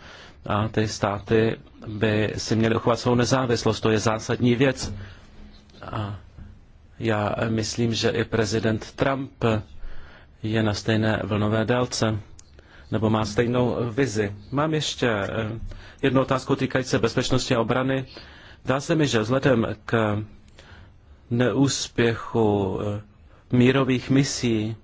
a ty státy by si měly uchovat svou nezávislost. To je zásadní věc. A já myslím, že i prezident Trump je na stejné vlnové délce nebo má stejnou vizi. Mám ještě eh, jednu otázku týkající se bezpečnosti a obrany. Dá se mi, že vzhledem k neúspěchu eh, mírových misí.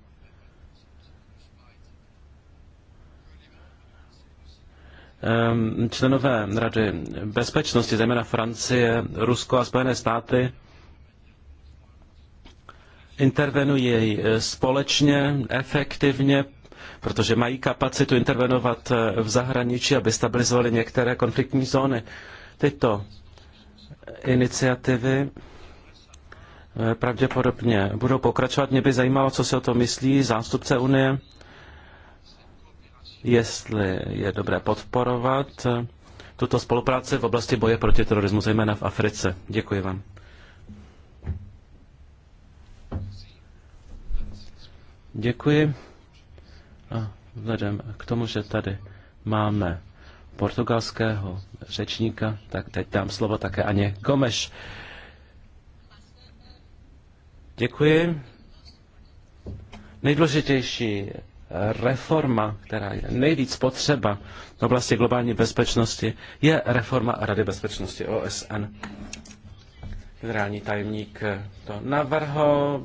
Ehm, členové Rady bezpečnosti, zejména Francie, Rusko a Spojené státy, intervenují eh, společně, efektivně, protože mají kapacitu intervenovat eh, v zahraničí, aby stabilizovali některé konfliktní zóny. Tyto iniciativy Eh, pravděpodobně budou pokračovat. Mě by zajímalo, co si o to myslí zástupce Unie, jestli je dobré podporovat eh, tuto spolupráci v oblasti boje proti terorismu, zejména v Africe. Děkuji vám. Děkuji. A vzhledem k tomu, že tady máme portugalského řečníka, tak teď dám slovo také Aně Gomeš. Děkuji. Nejdůležitější reforma, která je nejvíc potřeba v oblasti globální bezpečnosti, je reforma Rady bezpečnosti OSN. Generální tajemník to navrhl,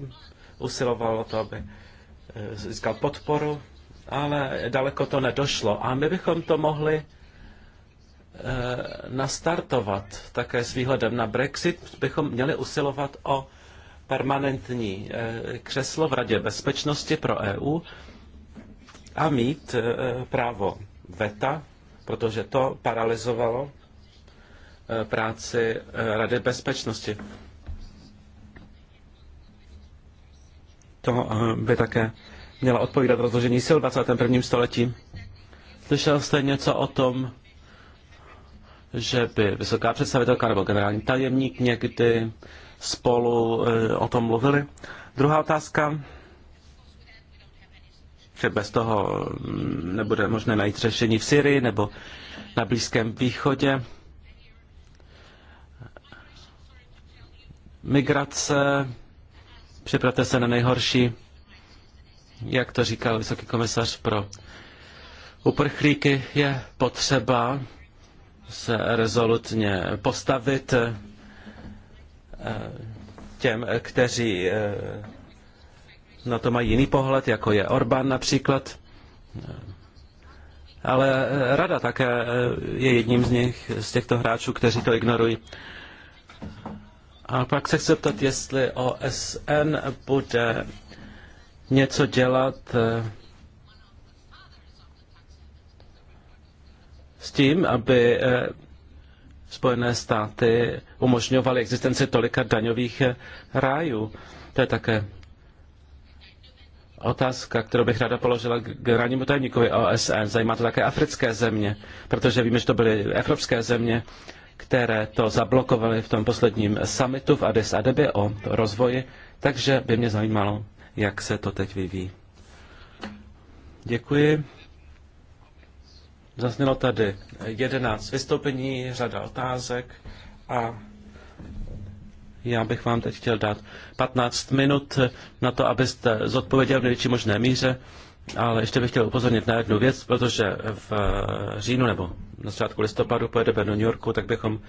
usiloval o to, aby eh, získal podporu, ale daleko to nedošlo. A my bychom to mohli eh, nastartovat také s výhledem na Brexit, bychom měli usilovat o permanentní eh, křeslo v Radě bezpečnosti pro EU a mít eh, právo VETA, protože to paralizovalo eh, práci Rady bezpečnosti. To by také měla odpovídat rozložení sil v 21. století. Slyšel jste něco o tom, že by vysoká představitelka nebo generální tajemník někdy spolu eh, o tom mluvili. Druhá otázka, že bez toho mm, nebude možné najít řešení v Syrii nebo na Blízkém východě. Migrace, připravte se na nejhorší, jak to říkal vysoký komisař pro uprchlíky, je potřeba se rezolutně postavit Eh, těm, eh, kteří eh, na to mají jiný pohled, jako je Orbán například. Ale Rada také je jedním z nich, z těchto hráčů, kteří to ignorují. A pak se chci zeptat, jestli OSN bude něco dělat s tím, aby Spojené státy umožňovaly existenci tolika daňových rájů. To je také otázka, kterou bych ráda položila generálnímu tajemníkovi OSN. Zajímá to také africké země, protože víme, že to byly evropské země, které to zablokovaly v tom posledním summitu v Addis Abebě o rozvoji, takže by mě zajímalo, jak se to teď vyvíjí. Děkuji. Zaznělo tady 11 vystoupení, řada otázek a já bych vám teď chtěl dát 15 minut na to, abyste zodpověděl v největší možné míře, ale ještě bych chtěl upozornit na jednu věc, protože v říjnu nebo na začátku listopadu pojedeme do New Yorku, tak bychom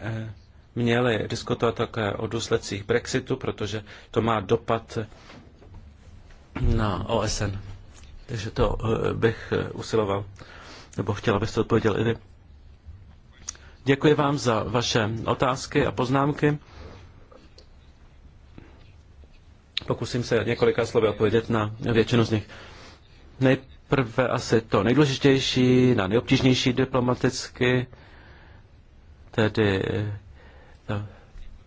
eh, měli diskutovat také o důsledcích Brexitu, protože to má dopad na OSN. Takže to eh, bych eh, usiloval nebo chtěla byste odpověděl i vy. Děkuji vám za vaše otázky a poznámky. Pokusím se několika slovy odpovědět na většinu z nich. Nejprve asi to nejdůležitější, na nejobtížnější diplomaticky, tedy no,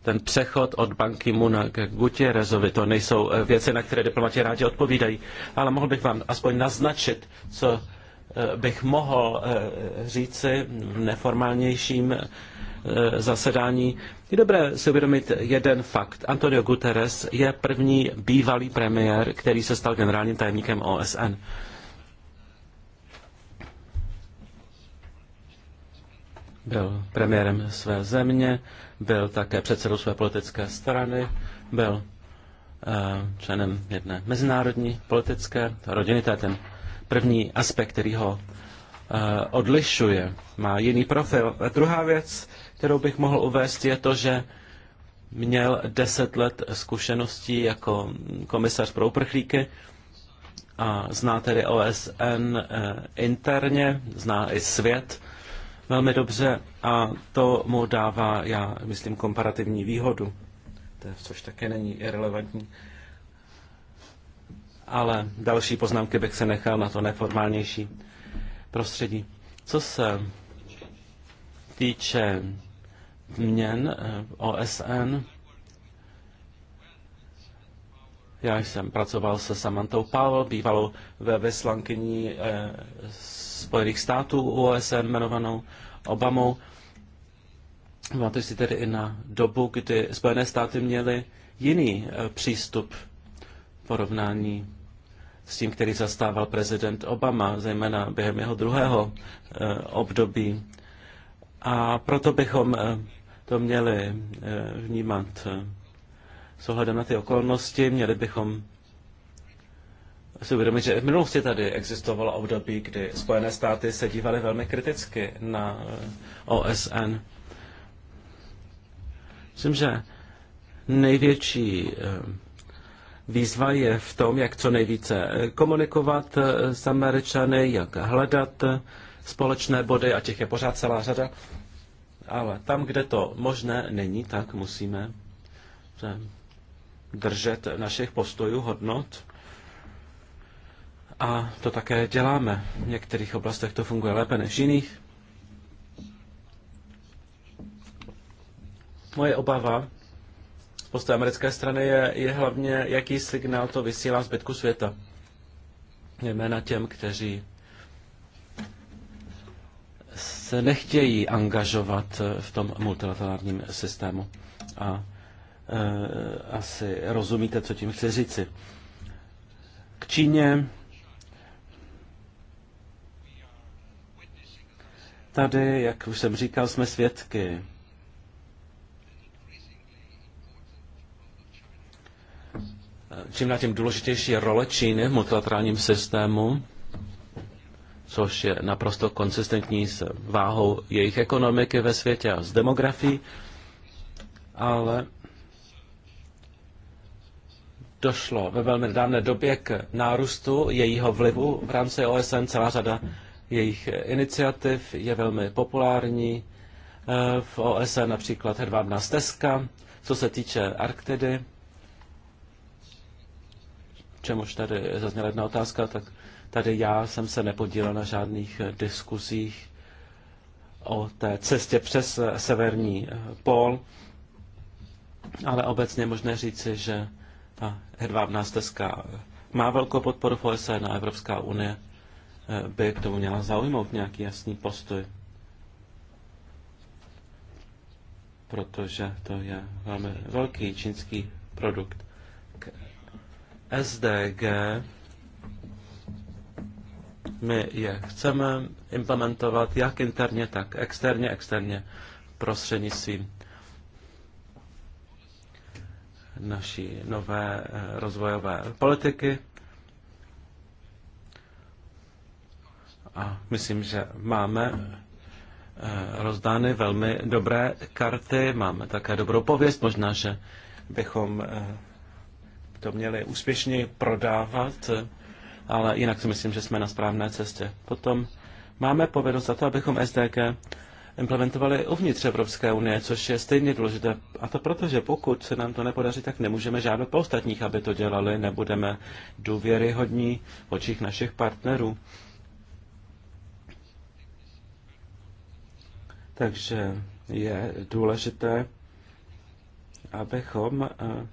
ten přechod od banky Muna k Gutierrezovi, to nejsou věci, na které diplomati rádi odpovídají, ale mohl bych vám aspoň naznačit, co Eh, bych mohl eh, říci v neformálnějším eh, zasedání, je dobré si uvědomit jeden fakt. Antonio Guterres je první bývalý premiér, který se stal generálním tajemníkem OSN. Byl premiérem své země, byl také předsedou své politické strany, byl členem jedné mezinárodní politické rodiny, to je ten první aspekt, který ho eh, odlišuje, má jiný profil. A druhá věc, kterou bych mohl uvést, je to, že měl deset let zkušeností jako komisař pro uprchlíky a zná tedy OSN eh, interně, zná i svět velmi dobře a to mu dává, já myslím, komparativní výhodu, což také není irrelevantní ale další poznámky bych se nechal na to neformálnější prostředí. Co se týče měn eh, OSN, já jsem pracoval se Samantou Powell, bývalou ve vyslankyní eh, Spojených států OSN jmenovanou Obamou. Máte si tedy i na dobu, kdy Spojené státy měly jiný eh, přístup porovnání s tím, který zastával prezident Obama, zejména během jeho druhého eh, období. A proto bychom eh, to měli eh, vnímat s ohledem na ty okolnosti, měli bychom si uvědomit, že v minulosti tady existovalo období, kdy Spojené státy se dívaly velmi kriticky na OSN. Myslím, že největší Výzva je v tom, jak co nejvíce komunikovat s Američany, jak hledat společné body a těch je pořád celá řada. Ale tam, kde to možné není, tak musíme držet našich postojů, hodnot. A to také děláme. V některých oblastech to funguje lépe než v jiných. Moje obava postoj americké strany je, je hlavně, jaký signál to vysílá zbytku světa. Jména těm, kteří se nechtějí angažovat v tom multilaterálním systému. A e, asi rozumíte, co tím chci říci. K Číně tady, jak už jsem říkal, jsme svědky čím dál tím důležitější je role Číny v multilaterálním systému, což je naprosto konsistentní s váhou jejich ekonomiky ve světě a s demografií, ale došlo ve velmi dávné době k nárůstu jejího vlivu v rámci OSN. Celá řada jejich iniciativ je velmi populární. Eh, v OSN například hedvábná stezka, co se týče Arktidy čemuž tady zazněla jedna otázka, tak tady já jsem se nepodílel na žádných eh, diskuzích o té cestě přes eh, severní eh, pól, ale obecně je možné říci, že ta hedvábná stezka má velkou podporu v OSN e a Evropská unie by k tomu měla zaujmout nějaký jasný postoj. Protože to je velmi velký čínský produkt. SDG. My je chceme implementovat jak interně, tak externě, externě prostřednictvím naší nové eh, rozvojové politiky. A myslím, že máme eh, rozdány velmi dobré karty, máme také dobrou pověst, možná, že bychom eh, to měli úspěšně prodávat, ale jinak si myslím, že jsme na správné cestě. Potom máme povinnost za to, abychom SDG implementovali uvnitř Evropské unie, což je stejně důležité. A to proto, že pokud se nám to nepodaří, tak nemůžeme žádat po ostatních, aby to dělali, nebudeme důvěryhodní v očích našich partnerů. Takže je důležité, abychom eh,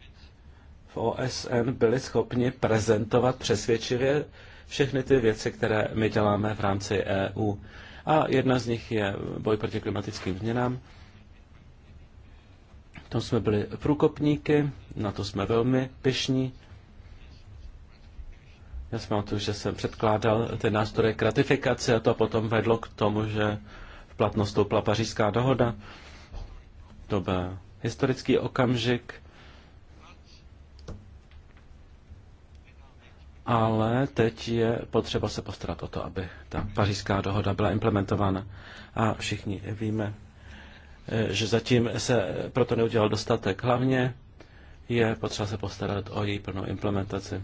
OSN byli schopni prezentovat přesvědčivě všechny ty věci, které my děláme v rámci EU. A jedna z nich je boj proti klimatickým změnám. V tom jsme byli průkopníky, na to jsme velmi pyšní. Já jsem tu, že jsem předkládal ty nástroje k ratifikaci a to potom vedlo k tomu, že v platnost stoupla pařížská dohoda. To byl historický okamžik ale teď je potřeba se postarat o to, aby ta pařížská dohoda byla implementována. A všichni víme, eh, že zatím se proto neudělal dostatek. Hlavně je potřeba se postarat o její plnou implementaci.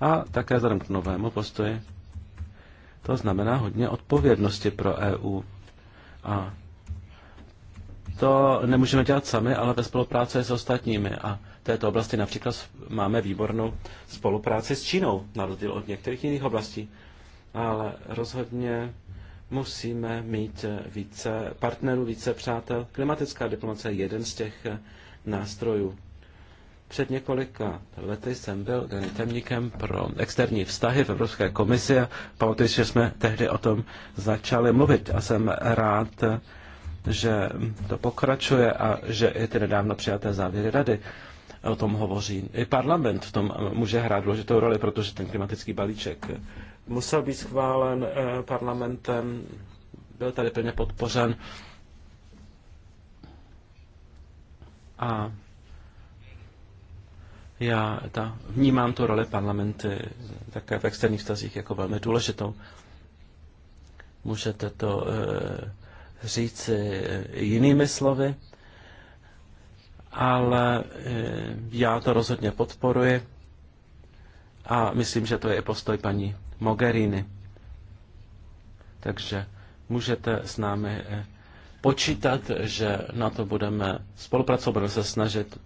A také vzhledem k novému postoji. To znamená hodně odpovědnosti pro EU. A to nemůžeme dělat sami, ale ve spolupráci s ostatními. A této oblasti. Například máme výbornou spolupráci s Čínou, na rozdíl od některých jiných oblastí. Ale rozhodně musíme mít více partnerů, více přátel. Klimatická diplomace je jeden z těch eh, nástrojů. Před několika lety jsem byl temníkem pro externí vztahy v Evropské komisi a pamatuju, že jsme tehdy o tom začali mluvit a jsem rád, že to pokračuje a že i ty nedávno přijaté závěry rady o tom hovoří. I parlament v tom může hrát důležitou roli, protože ten klimatický balíček musel být schválen eh, parlamentem, byl tady plně podpořen. A já ta, vnímám tu roli parlamenty také v externích vztazích jako velmi důležitou. Můžete to e, říci jinými slovy, ale eh, já to rozhodně podporuji a myslím, že to je i postoj paní Mogherini. Takže můžete s námi eh, počítat, že na to budeme spolupracovat, budeme se snažit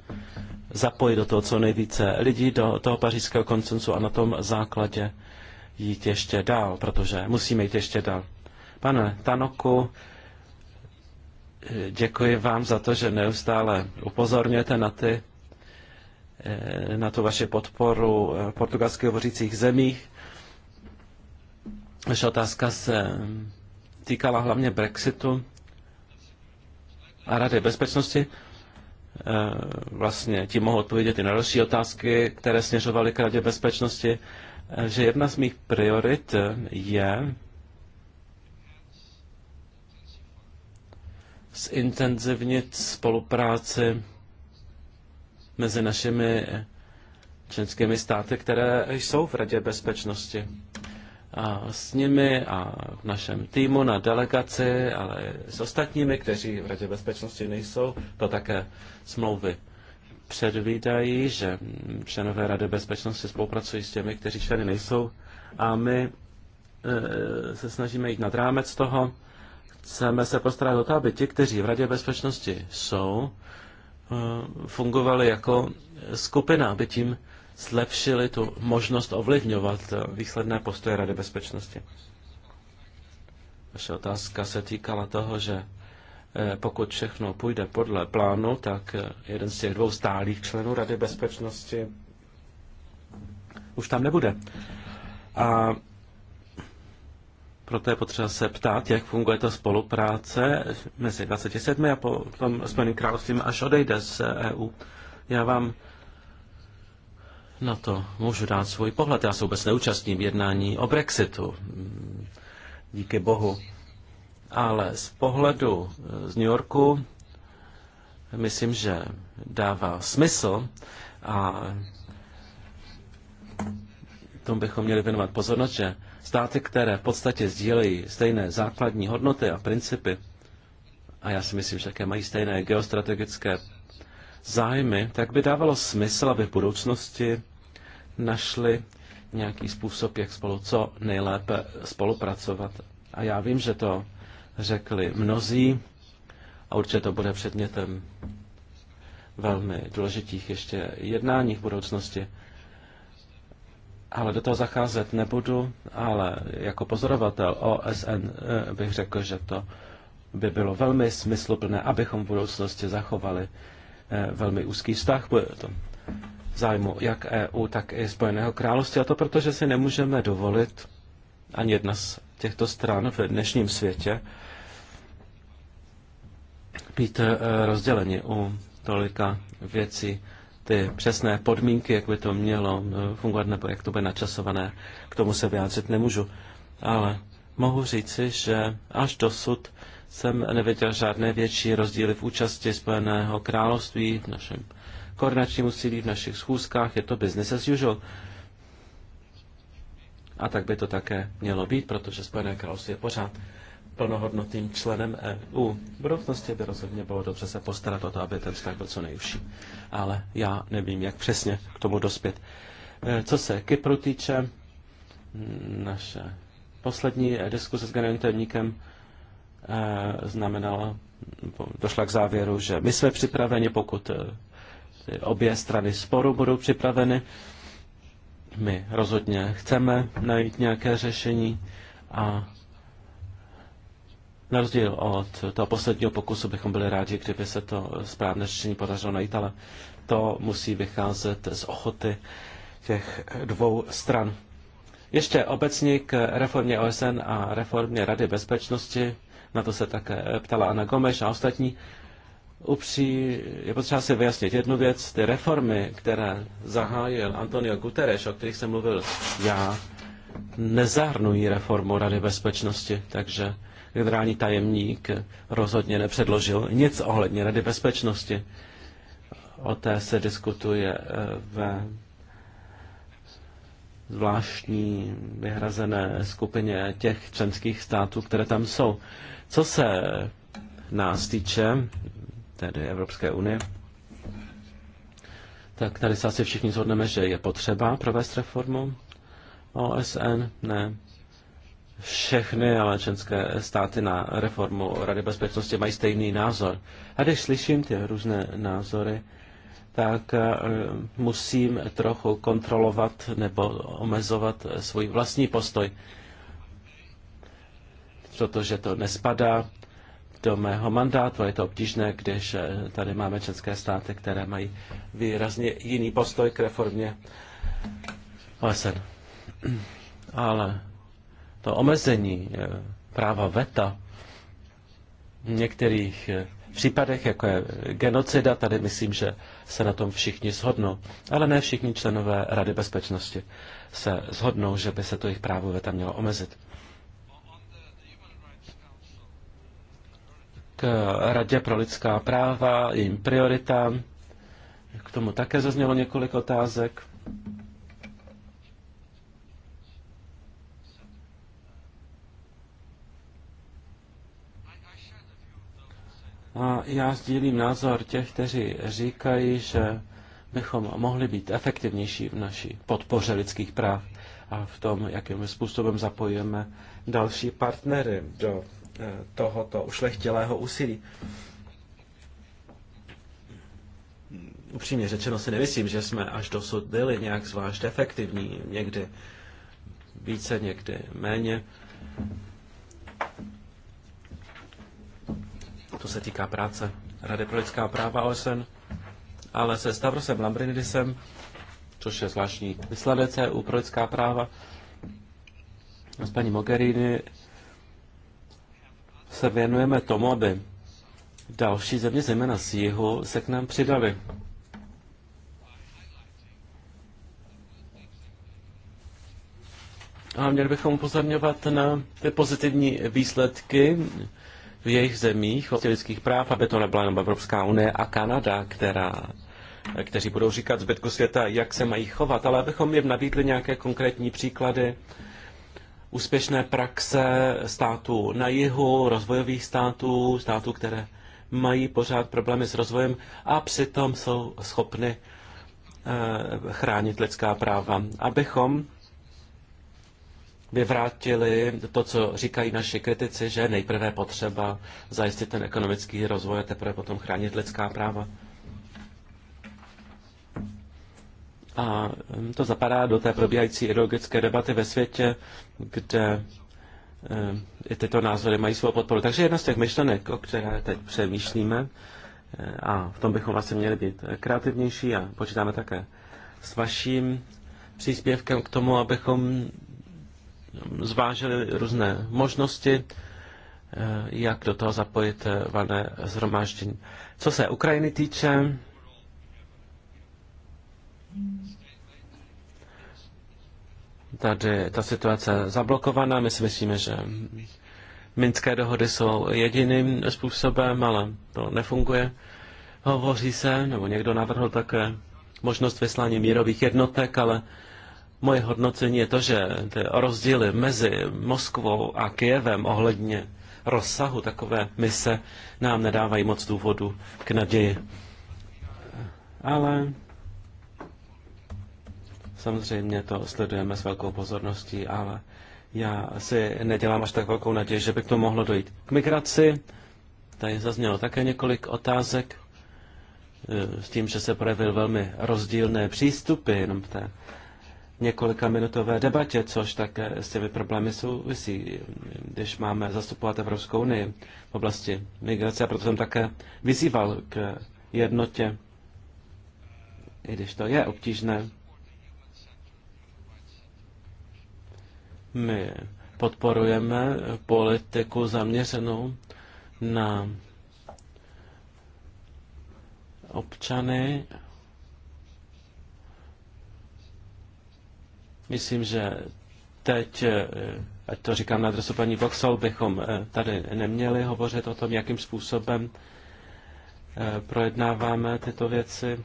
zapojit do toho co nejvíce lidí, do toho pařížského koncensu a na tom základě jít ještě dál, protože musíme jít ještě dál. Pane Tanoku, Děkuji vám za to, že neustále upozorňujete na ty, eh, na tu vaši podporu eh, portugalsky hovořících zemích. Vaše otázka se týkala hlavně Brexitu a Rady bezpečnosti. Eh, vlastně tím mohu odpovědět i na další otázky, které směřovaly k Radě bezpečnosti, že jedna z mých priorit je zintenzivnit spolupráci mezi našimi členskými státy, které jsou v Radě bezpečnosti. A s nimi a v našem týmu na delegaci, ale s ostatními, kteří v Radě bezpečnosti nejsou, to také smlouvy předvídají, že členové Rady bezpečnosti spolupracují s těmi, kteří členy nejsou a my e, se snažíme jít nad rámec toho chceme se postarat o to, aby ti, kteří v Radě bezpečnosti jsou, eh, fungovali jako skupina, aby tím zlepšili tu možnost ovlivňovat eh, výsledné postoje Rady bezpečnosti. Vaše otázka se týkala toho, že eh, pokud všechno půjde podle plánu, tak jeden z těch dvou stálých členů Rady bezpečnosti už tam nebude. A proto je potřeba se ptát, jak funguje ta spolupráce mezi 27 a potom Spojeným královstvím, až odejde z EU. Já vám na to můžu dát svůj pohled. Já se vůbec neúčastním jednání o Brexitu. Díky bohu. Ale z pohledu eh, z New Yorku myslím, že dává smysl a tomu bychom měli věnovat pozornost, že státy, které v podstatě sdílejí stejné základní hodnoty a principy, a já si myslím, že také mají stejné geostrategické zájmy, tak by dávalo smysl, aby v budoucnosti našli nějaký způsob, jak spolu co nejlépe spolupracovat. A já vím, že to řekli mnozí a určitě to bude předmětem velmi důležitých ještě jednání v budoucnosti ale do toho zacházet nebudu, ale jako pozorovatel OSN eh, bych řekl, že to by bylo velmi smysluplné, abychom v budoucnosti zachovali eh, velmi úzký vztah. Bude to zájmu jak EU, tak i Spojeného království. A to proto, že si nemůžeme dovolit ani jedna z těchto stran v dnešním světě být eh, rozděleni u tolika věcí ty přesné podmínky, jak by to mělo eh, fungovat nebo jak to bude načasované, k tomu se vyjádřit nemůžu. Ale mohu říci, že až dosud jsem neviděl žádné větší rozdíly v účasti Spojeného království v našem koordinačním úsilí, v našich schůzkách. Je to business as usual. A tak by to také mělo být, protože Spojené království je pořád plnohodnotným členem EU. V budoucnosti by rozhodně bylo dobře se postarat o to, aby ten vztah byl co nejvší. Ale já nevím, jak přesně k tomu dospět. E, co se Kypru týče, mm, naše poslední diskuse s generálním tajemníkem e, znamenala, došla k závěru, že my jsme připraveni, pokud e, obě strany sporu budou připraveny. My rozhodně chceme najít nějaké řešení a na rozdíl od toho posledního pokusu bychom byli rádi, kdyby se to správné řešení podařilo najít, ale to musí vycházet z ochoty těch dvou stran. Ještě obecně k reformě OSN a reformě Rady bezpečnosti. Na to se také ptala Ana Gomeš a ostatní. Upří, je potřeba si vyjasnit jednu věc. Ty reformy, které zahájil Antonio Guterres, o kterých jsem mluvil já, nezahrnují reformu Rady bezpečnosti, takže generální tajemník rozhodně nepředložil nic ohledně Rady bezpečnosti. O té se diskutuje eh, ve zvláštní vyhrazené skupině těch členských států, které tam jsou. Co se nás týče, tedy Evropské unie, tak tady se asi všichni shodneme, že je potřeba provést reformu OSN. Ne, všechny ale členské státy na reformu Rady bezpečnosti mají stejný názor. A když slyším ty různé názory, tak eh, musím trochu kontrolovat nebo omezovat svůj vlastní postoj, protože to nespadá do mého mandátu. Je to obtížné, když eh, tady máme české státy, které mají výrazně jiný postoj k reformě OSN. Ale to omezení eh, práva VETA v některých eh, případech, jako je eh, genocida, tady myslím, že se na tom všichni shodnou, ale ne všichni členové Rady bezpečnosti se shodnou, že by se to jejich právo VETA mělo omezit. K Radě pro lidská práva, jejím prioritám, k tomu také zaznělo několik otázek. A já sdílím názor těch, kteří říkají, že bychom mohli být efektivnější v naší podpoře lidských práv a v tom, jakým způsobem zapojujeme další partnery do eh, tohoto ušlechtilého úsilí. Upřímně řečeno si nemyslím, že jsme až dosud byli nějak zvlášť efektivní, někdy více, někdy méně to se týká práce Rady pro lidská práva OSN, ale se Stavrosem Lambrinidisem, což je zvláštní vysladec EU pro lidská práva, a s paní Mogherini se věnujeme tomu, aby další země, zejména z jihu, se k nám přidali. A měli bychom upozorňovat na ty pozitivní výsledky v jejich zemích o lidských práv, aby to nebyla jenom Evropská unie a Kanada, která kteří budou říkat zbytku světa, jak se mají chovat, ale abychom jim nabídli nějaké konkrétní příklady úspěšné praxe států na jihu, rozvojových států, států, které mají pořád problémy s rozvojem a přitom jsou schopny eh, chránit lidská práva. Abychom vyvrátili to, co říkají naši kritici, že nejprve potřeba zajistit ten ekonomický rozvoj a teprve potom chránit lidská práva. A um, to zapadá do té probíhající ideologické debaty ve světě, kde um, i tyto názory mají svou podporu. Takže jedna z těch myšlenek, o které teď přemýšlíme, eh, a v tom bychom asi měli být kreativnější a počítáme také s vaším příspěvkem k tomu, abychom zvážili různé možnosti, eh, jak do toho zapojit eh, valné zhromáždění. Co se Ukrajiny týče, tady ta situace je zablokovaná. My si myslíme, že minské dohody jsou jediným způsobem, ale to nefunguje. Hovoří se, nebo někdo navrhl také možnost vyslání mírových jednotek, ale Moje hodnocení je to, že ty rozdíly mezi Moskvou a Kijevem ohledně rozsahu takové mise nám nedávají moc důvodu k naději. Ale samozřejmě to sledujeme s velkou pozorností, ale já si nedělám až tak velkou naději, že by k tomu mohlo dojít. K migraci, tady zaznělo také několik otázek e, s tím, že se projevil velmi rozdílné přístupy jenom v té několika minutové debatě, což také s těmi problémy souvisí, když máme zastupovat Evropskou unii v oblasti migrace. A proto jsem také vyzýval k jednotě, i když to je obtížné. My podporujeme politiku zaměřenou na občany Myslím, že teď, eh, ať to říkám na adresu paní Boxol, bychom eh, tady neměli hovořit o tom, jakým způsobem eh, projednáváme tyto věci,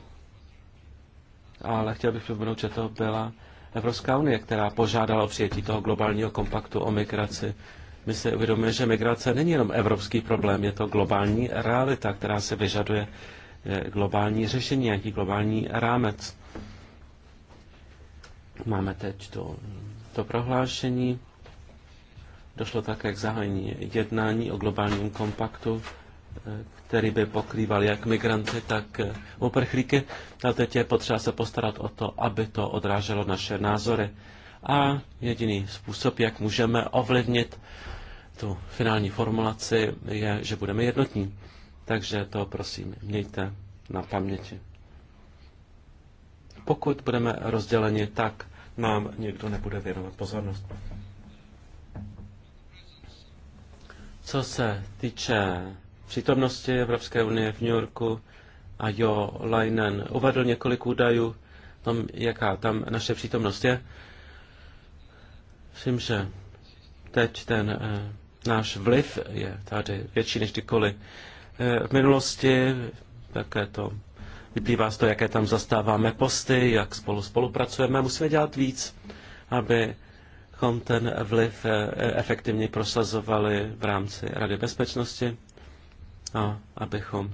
ale chtěl bych připomenout, že to byla Evropská unie, která požádala o přijetí toho globálního kompaktu o migraci. My si uvědomujeme, že migrace není jenom evropský problém, je to globální realita, která se vyžaduje globální řešení, nějaký globální rámec. Máme teď to, to prohlášení. Došlo také k zahájení jednání o globálním kompaktu, eh, který by pokrýval jak migranty, tak eh, uprchlíky. A teď je potřeba se postarat o to, aby to odráželo naše názory. A jediný způsob, jak můžeme ovlivnit tu finální formulaci, je, že budeme jednotní. Takže to prosím, mějte na paměti. Pokud budeme rozděleni, tak nám někdo nebude věnovat pozornost. Co se týče přítomnosti Evropské unie v New Yorku, a Jo Leinen uvedl několik údajů tom, jaká tam naše přítomnost je. Myslím, že teď ten e, náš vliv je tady větší než kdykoliv. E, v minulosti také to Vyplývá z toho, jaké tam zastáváme posty, jak spolu spolupracujeme. Musíme dělat víc, abychom ten vliv eh, efektivně prosazovali v rámci Rady bezpečnosti a abychom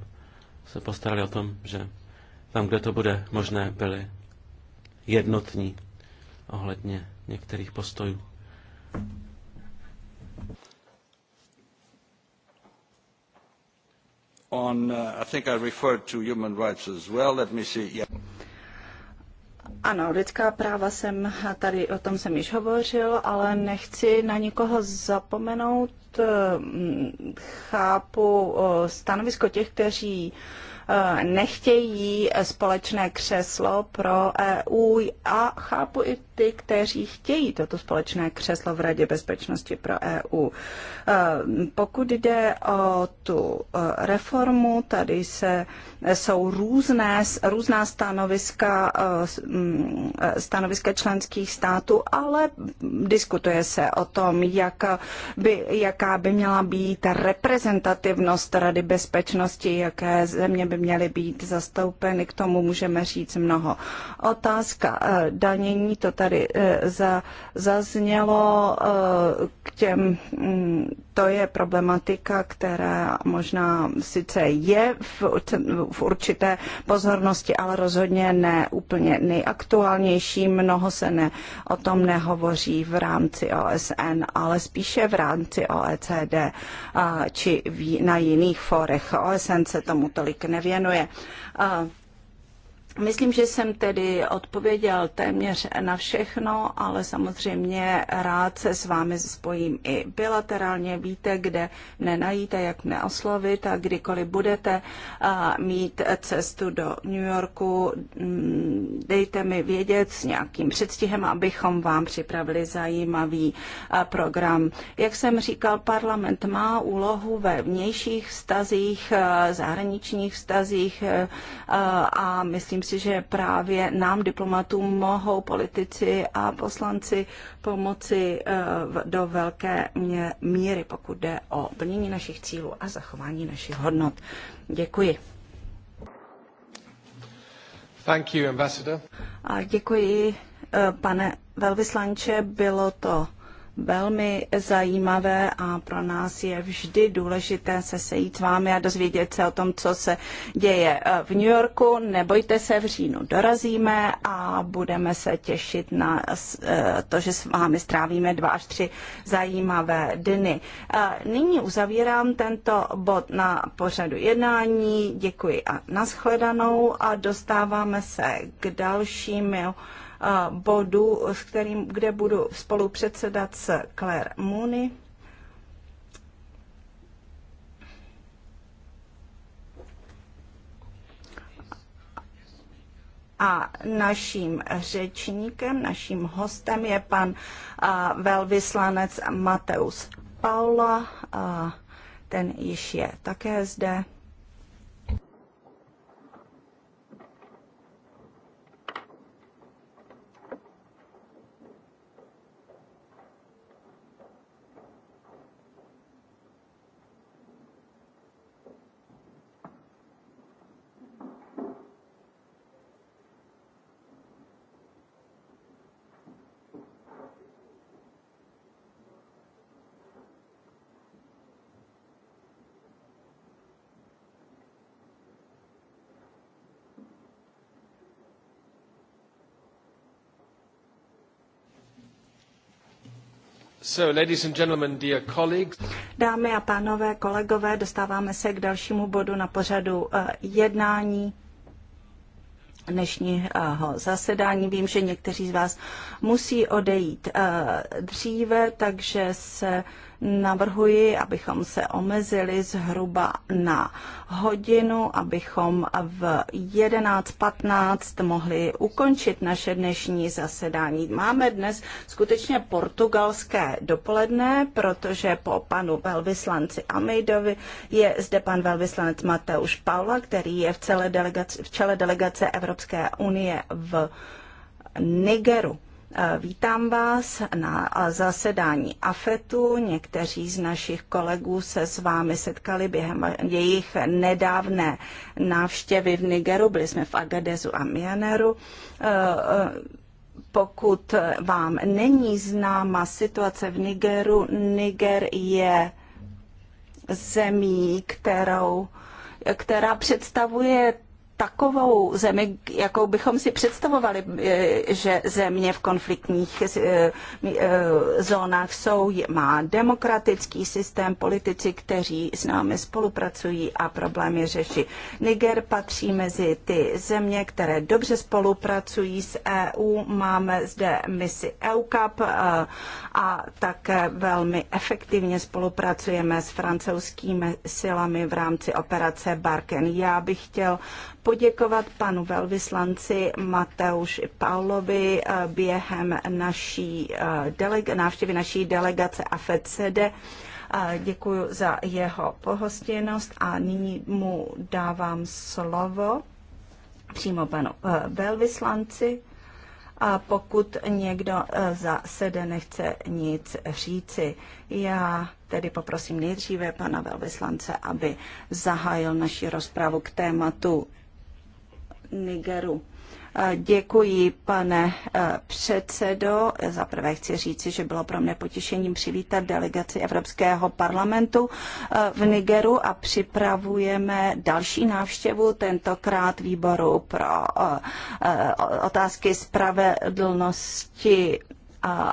se postarali o tom, že tam, kde to bude možné, byli jednotní ohledně některých postojů. on, uh, I think I referred to human rights as well. Let me see. Yeah. Ano, lidská práva jsem tady, o tom jsem již hovořil, ale nechci na nikoho zapomenout. Chápu uh, stanovisko těch, kteří uh, Eh, nechtějí eh, společné křeslo pro EU a chápu i ty, kteří chtějí toto společné křeslo v Radě bezpečnosti pro EU. Eh, pokud jde o tu reformu, tady se, jsou různé, různá stanoviska, mm, stanoviska členských států, ale diskutuje se o tom, jak by, jaká by měla být reprezentativnost Rady bezpečnosti, jaké země by měly být zastoupeny, k tomu můžeme říct mnoho. Otázka eh, danění, to tady eh, zaznělo eh, k těm, mm, to je problematika, která možná sice je v, určité pozornosti, ale rozhodně ne úplně nejaktuálnější. Mnoho se ne, o tom nehovoří v rámci OSN, ale spíše v rámci OECD či na jiných forech. OSN se tomu tolik ne nevěnuje. Myslím, že jsem tedy odpověděl téměř na všechno, ale samozřejmě rád se s vámi spojím i bilaterálně. Víte, kde nenajíte, jak mě oslovit a kdykoliv budete mít cestu do New Yorku, mm, dejte mi vědět s nějakým předstihem, abychom vám připravili zajímavý program. Jak jsem říkal, parlament má úlohu ve vnějších vztazích, zahraničních vztazích a myslím si, že právě nám, diplomatům, mohou politici a poslanci pomoci eh, do velké míry, pokud jde o plnění našich cílů a zachování našich hodnot. Děkuji. Thank you, ambassador. A děkuji, eh, pane velvyslanče, bylo to velmi zajímavé a pro nás je vždy důležité se sejít s vámi a dozvědět se o tom, co se děje eh, v New Yorku. Nebojte se, v říjnu dorazíme a budeme se těšit na eh, to, že s vámi strávíme dva až tři zajímavé dny. Eh, nyní uzavírám tento bod na pořadu jednání. Děkuji a nashledanou a dostáváme se k dalšímu bodu, s kterým, kde budu spolupředsedat s Claire Mooney. A naším řečníkem, naším hostem je pan velvyslanec Mateus Paula. Ten již je také zde. So, ladies and gentlemen, dear colleagues. Dámy a pánové, kolegové, dostáváme se k dalšímu bodu na pořadu eh, jednání dnešního zasedání. Vím, že někteří z vás musí odejít eh, dříve, takže se Navrhuji, abychom se omezili zhruba na hodinu, abychom v 11.15 mohli ukončit naše dnešní zasedání. Máme dnes skutečně portugalské dopoledne, protože po panu velvyslanci Amejdovi je zde pan velvyslanec Mateusz Paula, který je v, celé delegaci, v čele delegace Evropské unie v Nigeru. Vítám vás na zasedání AFETu. Někteří z našich kolegů se s vámi setkali během jejich nedávné návštěvy v Nigeru. Byli jsme v Agadezu a Mianeru e, e, pokud vám není známa situace v Nigeru, Niger je zemí, kterou, která představuje takovou zemi, jakou bychom si představovali, eh, že země v konfliktních eh, eh, zónách jsou, má demokratický systém, politici, kteří s námi spolupracují a problémy řeší. Niger patří mezi ty země, které dobře spolupracují s EU. Máme zde misi EUCAP a také velmi efektivně spolupracujeme s francouzskými silami v rámci operace Barken. Já bych chtěl poděkovat panu velvyslanci Mateuši Paulovi eh, během naší eh, delega- návštěvy naší delegace AFCD. E eh, Děkuji za jeho pohostěnost a nyní mu dávám slovo přímo panu velvyslanci. A pokud někdo za sede nechce nic říci, já tedy poprosím nejdříve pana velvyslance, aby zahájil naši rozpravu k tématu Nigeru. Eh, děkuji, pane eh, předsedo. Za prvé chci říci, že bylo pro mě potěšením přivítat delegaci Evropského parlamentu eh, v Nigeru a připravujeme další návštěvu, tentokrát výboru pro otázky spravedlnosti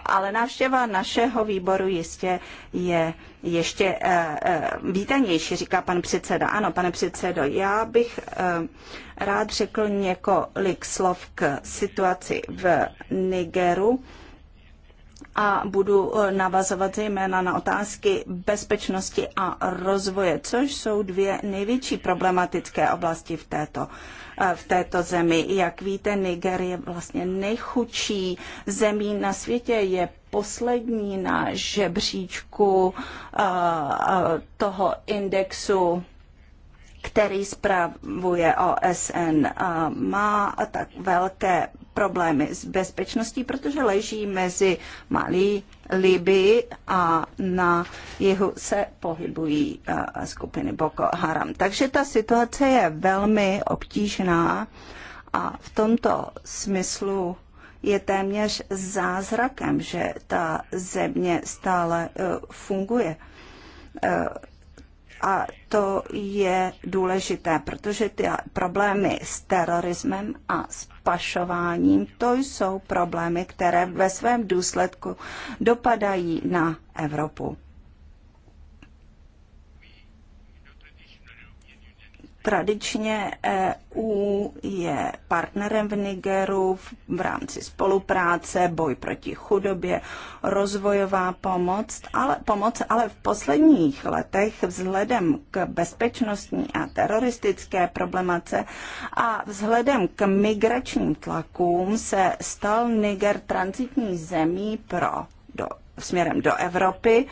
ale návštěva našeho výboru jistě je ještě eh, eh, vítanější, říká pan předseda. Ano, pane předsedo, já bych eh, rád řekl několik slov k situaci v Nigeru a budu eh, navazovat zejména na otázky bezpečnosti a rozvoje, což jsou dvě největší problematické oblasti v této eh, v této zemi. Jak víte, Niger je vlastně nejchudší zemí na světě, je poslední na žebříčku eh, toho indexu který zpravuje OSN, má tak velké problémy s bezpečností, protože leží mezi Malí, liby a na jihu se pohybují eh, skupiny Boko Haram. Takže ta situace je velmi obtížná a v tomto smyslu je téměř zázrakem, že ta země stále eh, funguje. Eh, a to je důležité, protože ty problémy s terorismem a s pašováním. To jsou problémy, které ve svém důsledku dopadají na Evropu. Tradičně EU je partnerem v Nigeru v, rámci spolupráce, boj proti chudobě, rozvojová pomoc, ale, pomoc, ale v posledních letech vzhledem k bezpečnostní a teroristické problematice a vzhledem k migračním tlakům se stal Niger transitní zemí pro do směrem do Evropy,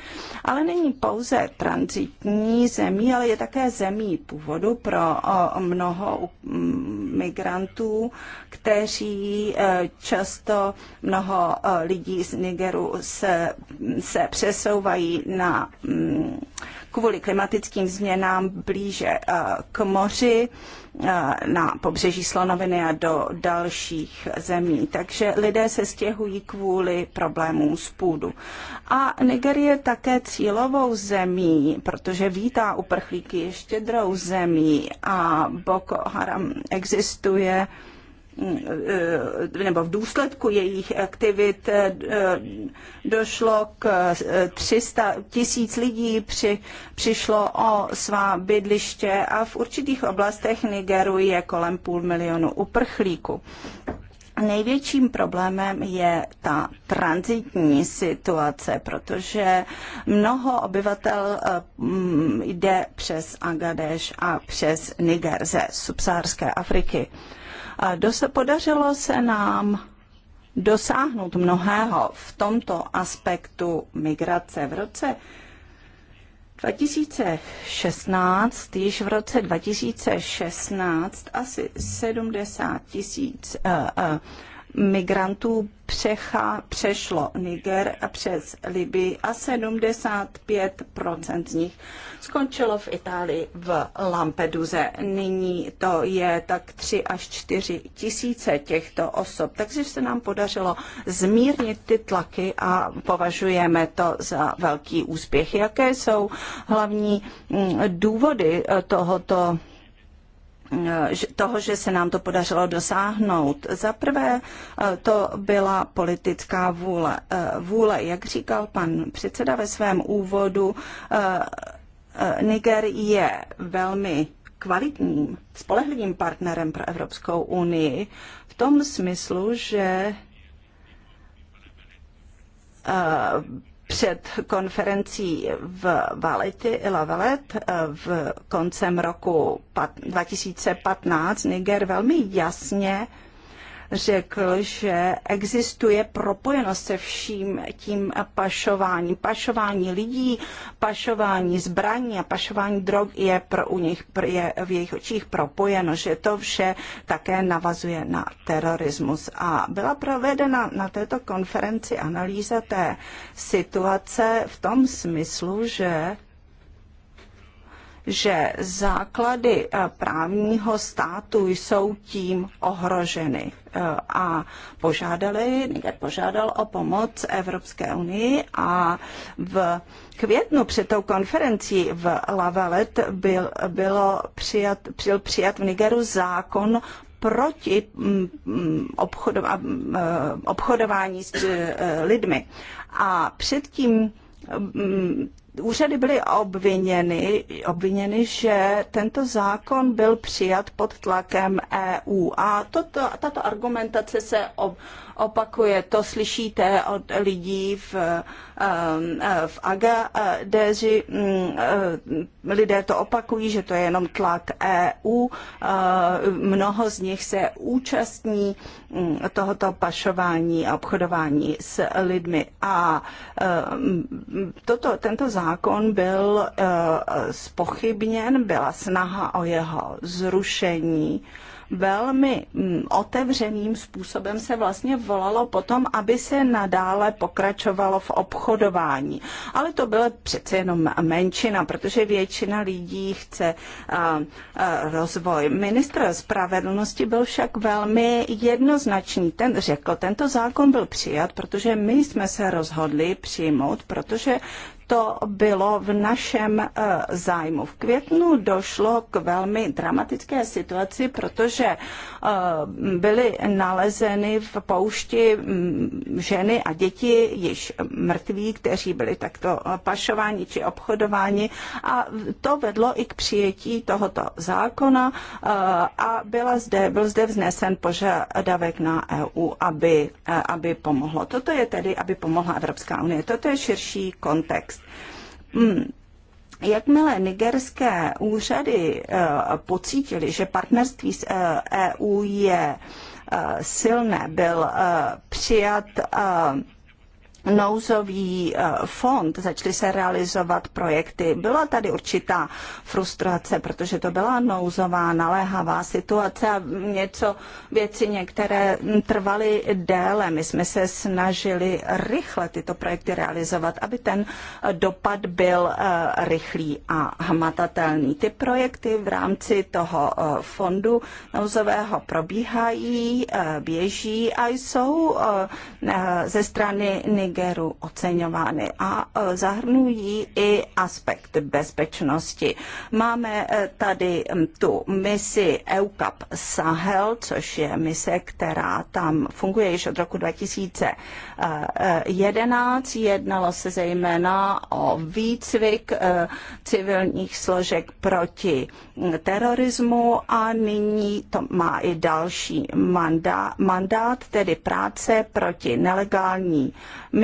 ale není pouze transitní zemí, ale je také zemí původu pro mnoho mm, migrantů, kteří e, často mnoho e, lidí z Nigeru se, se přesouvají na mm, kvůli klimatickým změnám blíže e, k moři Eh, na pobřeží Slonoviny a do dalších zemí. Takže lidé se stěhují kvůli problémům z půdu. A Nigerie je také cílovou zemí, protože vítá uprchlíky ještě štědrou zemí a Boko Haram existuje Eh, nebo v důsledku jejich aktivit eh, došlo k 300 eh, tisíc lidí, při, přišlo o svá bydliště a v určitých oblastech Nigeru je kolem půl milionu uprchlíků. Největším problémem je ta transitní situace, protože mnoho obyvatel jde přes Agadeš a přes Niger ze subsárské Afriky. Dos- podařilo se nám dosáhnout mnohého v tomto aspektu migrace. V roce 2016, již v roce 2016 asi 70 tisíc uh, uh, migrantů přecha, přešlo Niger a přes Libii a 75 z nich skončilo v Itálii v Lampeduze. Nyní to je tak 3 až 4 tisíce těchto osob, takže se nám podařilo zmírnit ty tlaky a považujeme to za velký úspěch. Jaké jsou hlavní mm, důvody eh, tohoto Eh, toho, že se nám to podařilo dosáhnout. Za prvé eh, to byla politická vůle. Eh, vůle, jak říkal pan předseda ve svém úvodu, Niger je velmi kvalitním, spolehlivým partnerem pro Evropskou unii v tom smyslu, že před konferencí v Valety Lavelet v koncem roku 2015 Niger velmi jasně řekl, že existuje propojenost se vším tím pašováním. Pašování lidí, pašování zbraní a pašování drog je, pro u nich, je v jejich očích propojeno, že to vše také navazuje na terorismus. A byla provedena na této konferenci analýza té situace v tom smyslu, že že základy eh, právního státu jsou tím ohroženy eh, a požádali, Niger požádal o pomoc Evropské unii a v květnu před tou konferencí v Lavalet byl, bylo přijat, byl přijat v Nigeru zákon proti mm, mm, mm, eh, obchodování s lidmi. A předtím úřady byly obviněny, obviněny, že tento zákon byl přijat pod tlakem EU. A toto, tato argumentace se ob, opakuje. To slyšíte od lidí v, um, v Agadeři. Mm, eh, lidé to opakují, že to je jenom tlak EU. Eh, mnoho z nich se účastní mm, tohoto pašování a obchodování s lidmi. A eh, toto, tento zákon byl spochybněn, byla snaha o jeho zrušení velmi mm, otevřeným způsobem se vlastně volalo potom, aby se nadále pokračovalo v obchodování. Ale to byla přece jenom menšina, protože většina lidí chce rozvoj. Ministr spravedlnosti byl však velmi jednoznačný. Ten řekl, tento zákon byl přijat, protože my jsme se rozhodli přijmout, protože to bylo v našem eh, zájmu. V květnu došlo k velmi dramatické situaci, protože eh, byly nalezeny v poušti mm, ženy a děti již mrtví, kteří byli takto eh, pašováni či obchodováni a to vedlo i k přijetí tohoto zákona a byla zde, byl zde vznesen požadavek na EU, aby, aby pomohlo. Toto je tedy, aby pomohla Evropská unie. Toto je širší kontext Hmm. Jakmile nigerské úřady eh, pocítili, že partnerství s EU eh, e je eh, silné, byl přijat nouzový eh, fond, začaly se realizovat projekty. Byla tady určitá frustrace, protože to byla nouzová, naléhavá situace a něco, věci některé trvaly déle. My jsme se snažili rychle tyto projekty realizovat, aby ten eh, dopad byl eh, rychlý a hmatatelný. Ty projekty v rámci toho fondu nouzového probíhají, běží a jsou ze strany Nigeru oceňovány a e, zahrnují i aspekt bezpečnosti. Máme e, tady tu misi EUCAP Sahel, což je mise, která tam funguje již od roku 2011. E, Jednalo se zejména o výcvik civilních složek proti terorismu a nyní to má i další mandát, mandát tedy práce proti nelegální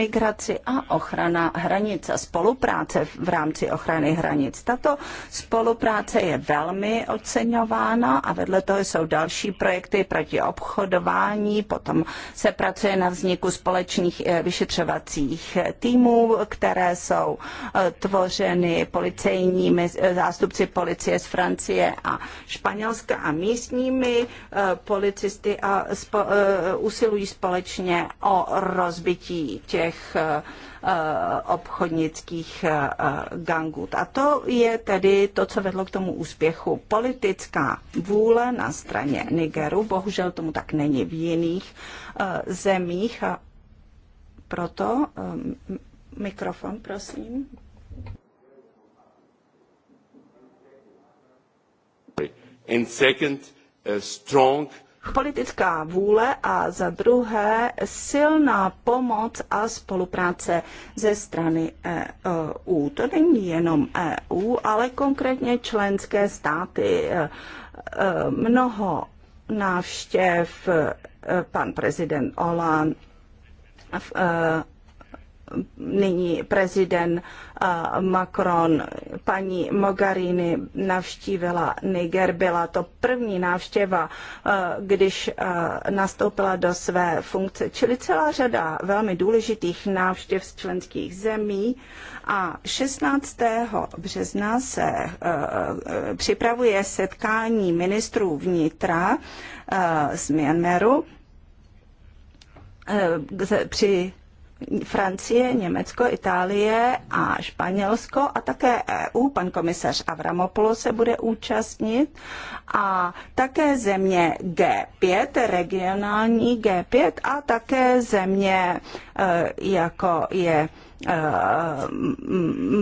migraci a ochrana hranic a spolupráce v rámci ochrany hranic. Tato spolupráce je velmi oceňována a vedle toho jsou další projekty proti obchodování, potom se pracuje na vzniku společných eh, vyšetřovacích týmů, které jsou eh, tvořeny policejními eh, zástupci policie z Francie a Španělska a místními policisty a spo, usilují společně o rozbití těch těch eh, eh, obchodnických eh, gangů. A to je tedy to, co vedlo k tomu úspěchu. Politická vůle na straně Nigeru, bohužel tomu tak není v jiných zemích a proto mikrofon, prosím. And second, a strong uh, politická vůle a za druhé silná pomoc a spolupráce ze strany EU. To není jenom EU, ale konkrétně členské státy. E, e, mnoho návštěv e, pan prezident Olan nyní prezident eh, Macron, paní Mogherini navštívila Niger. Byla to první návštěva, eh, když eh, nastoupila do své funkce, čili celá řada velmi důležitých návštěv z členských zemí. A 16. března se připravuje setkání ministrů vnitra z Myanmaru při Francie, Německo, Itálie a Španělsko a také EU. Pan komisař Avramopoulos se bude účastnit a také země G5, regionální G5 a také země e, jako je e,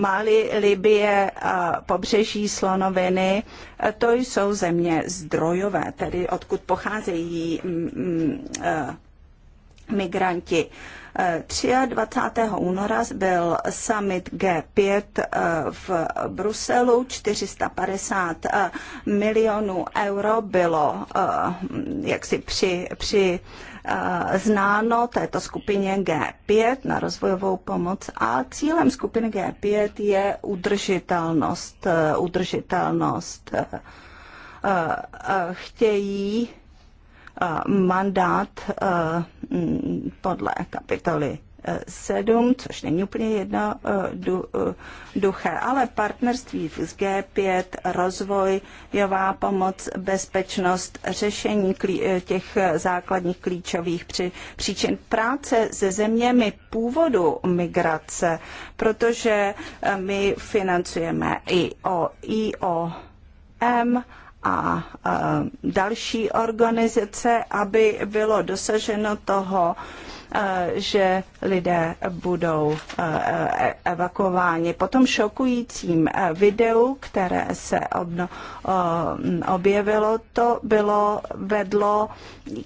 Mali, Libie, pobřeží Slonoviny, e, to jsou země zdrojové, tedy odkud pocházejí migranti. Uh, 23. Eh, února byl summit G5 eh, v Bruselu, 450 eh, milionů euro bylo jaksi při, při znáno této skupině G5 na rozvojovou pomoc a cílem skupiny G5 je udržitelnost, udržitelnost chtějí mandát podle kapitoly 7, e, což není úplně jedno e, e, duché, ale partnerství s G5, rozvoj, jová pomoc, bezpečnost, řešení těch základních klíčových příčin práce se zeměmi původu migrace, protože my financujeme i o IOM a další organizace, aby bylo dosaženo toho, že lidé budou eh, eh, evakováni. Potom šokujícím eh, videu, které se objevilo, to bylo vedlo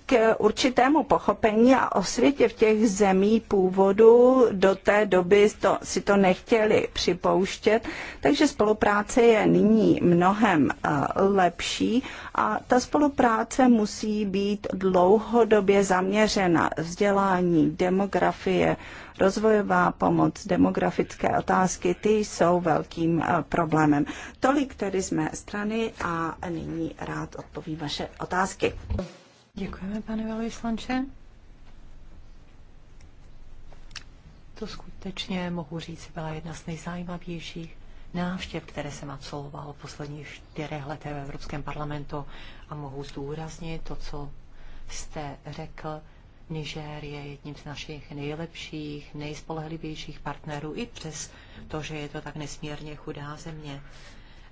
k určitému pochopení a osvětě v těch zemí původu do té doby to, si to nechtěli připouštět, takže spolupráce je nyní mnohem lepší a ta spolupráce musí být dlouhodobě zaměřena vzdělání, demografie, rozvoje, rozvojová pomoc, demografické otázky, ty jsou velkým eh, problémem. Tolik tedy z mé strany a nyní rád odpovím vaše otázky. Děkujeme, pane velvyslanče. To skutečně, mohu říct, byla jedna z nejzajímavějších návštěv, které jsem absolvoval v posledních čtyřech letech v Evropském parlamentu a mohu zdůraznit to, co jste řekl, Niger je jedním z našich nejlepších, nejspolehlivějších partnerů, i přes to, že je to tak nesmírně chudá země.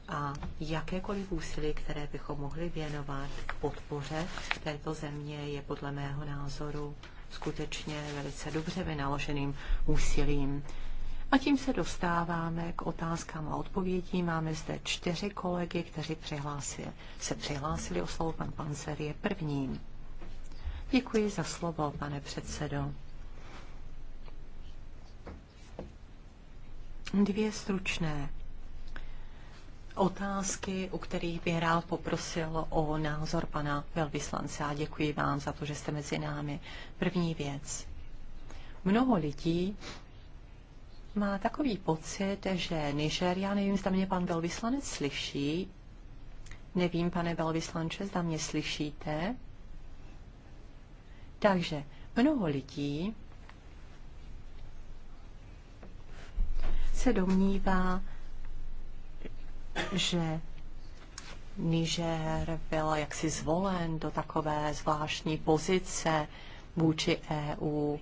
A jakékoliv úsilí, které bychom mohli věnovat k podpoře této země, je podle mého názoru skutečně velice dobře vynaloženým úsilím. A tím se dostáváme k otázkám a odpovědím. Máme zde čtyři kolegy, kteří přihlásili, se přihlásili o slovo. Pan Panzer je prvním. Děkuji za slovo, pane předsedo. Dvě stručné otázky, u kterých bych rád poprosil o názor pana velvyslance a děkuji vám za to, že jste mezi námi. První věc. Mnoho lidí má takový pocit, že Niger, já nevím, zda mě pan velvyslanec slyší, nevím, pane velvyslanče, zda mě slyšíte, takže mnoho lidí se domnívá, že Niger byl jaksi zvolen do takové zvláštní pozice vůči EU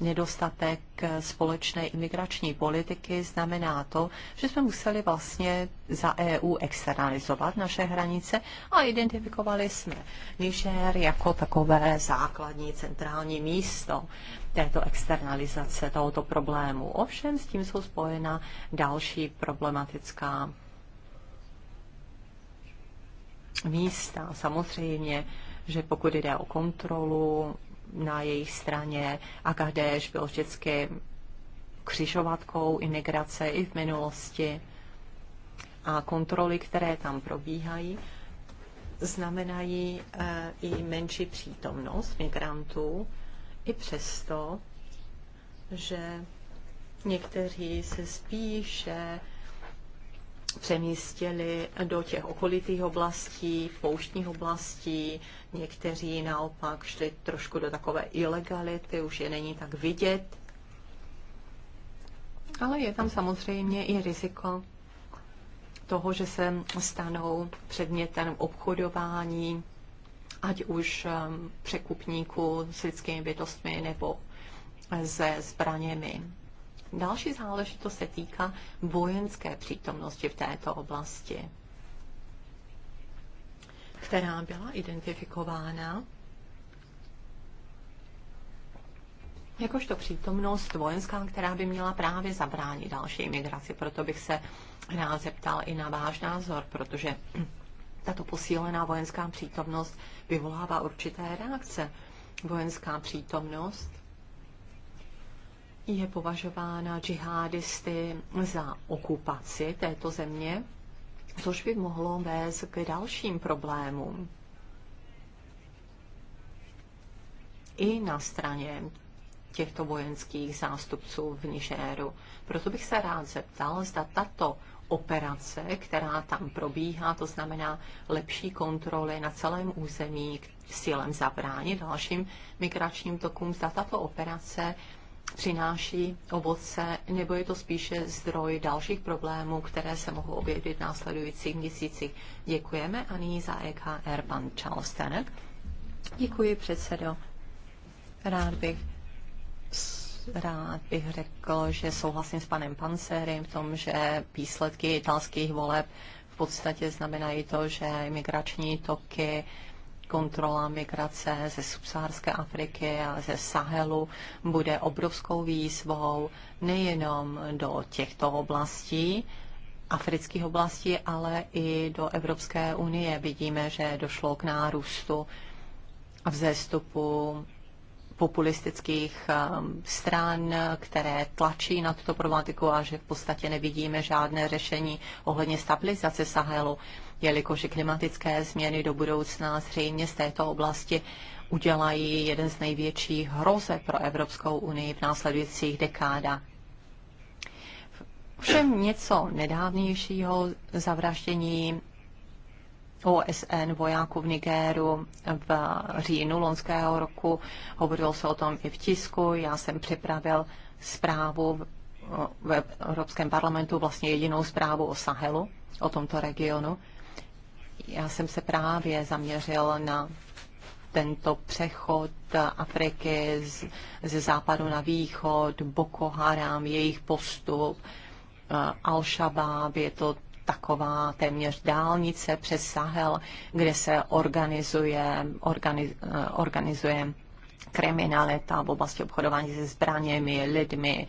nedostatek společné imigrační politiky znamená to, že jsme museli vlastně za EU externalizovat naše hranice a identifikovali jsme Niger jako takové základní centrální místo této externalizace tohoto problému. Ovšem s tím jsou spojena další problematická místa. Samozřejmě, že pokud jde o kontrolu na jejich straně. a Kadeš byl vždycky křižovatkou imigrace i v minulosti. A kontroly, které tam probíhají, znamenají eh, i menší přítomnost migrantů, i přesto, že někteří se spíše přemístili do těch okolitých oblastí, pouštních oblastí, Někteří naopak šli trošku do takové ilegality, už je není tak vidět. Ale je tam samozřejmě i riziko toho, že se stanou předmětem obchodování, ať už um, překupníků s lidskými bytostmi nebo se zbraněmi. Další záležitost se týká vojenské přítomnosti v této oblasti která byla identifikována jakožto přítomnost vojenská, která by měla právě zabránit další imigraci. Proto bych se rád zeptal i na váš názor, protože tato posílená vojenská přítomnost vyvolává určité reakce. Vojenská přítomnost je považována džihadisty za okupaci této země což by mohlo vést k dalším problémům. I na straně těchto vojenských zástupců v Nižéru. Proto bych se rád zeptal, zda tato operace, která tam probíhá, to znamená lepší kontroly na celém území s cílem zabránit dalším migračním tokům. Zda tato operace přináší ovoce, nebo je to spíše zdroj dalších problémů, které se mohou objevit v následujících měsících. Děkujeme a nyní za EKR pan Charles Tenek. Děkuji, předsedo. Rád bych rád bych řekl, že souhlasím s panem Pancerem v tom, že výsledky italských voleb v podstatě znamenají to, že imigrační toky kontrola migrace ze subsaharské Afriky a ze Sahelu bude obrovskou výzvou nejenom do těchto oblastí, afrických oblastí, ale i do Evropské unie. Vidíme, že došlo k nárůstu a vzestupu populistických um, stran, které tlačí na tuto problematiku a že v podstatě nevidíme žádné řešení ohledně stabilizace Sahelu jelikož klimatické změny do budoucna zřejmě z této oblasti udělají jeden z největších hroze pro Evropskou unii v následujících dekádách. Všem něco nedávnějšího zavraždění OSN vojáků v Nigéru v říjnu loňského roku. Hovořilo se o tom i v tisku. Já jsem připravil zprávu v Evropském parlamentu, vlastně jedinou zprávu o Sahelu, o tomto regionu. Já jsem se právě zaměřil na tento přechod Afriky z, ze západu na východ, Boko Haram, jejich postup, eh, Al-Shabaab, je to taková téměř dálnice přes Sahel, kde se organizuje, organiz, eh, organizuje kriminalita v oblasti obchodování se zbraněmi, lidmi.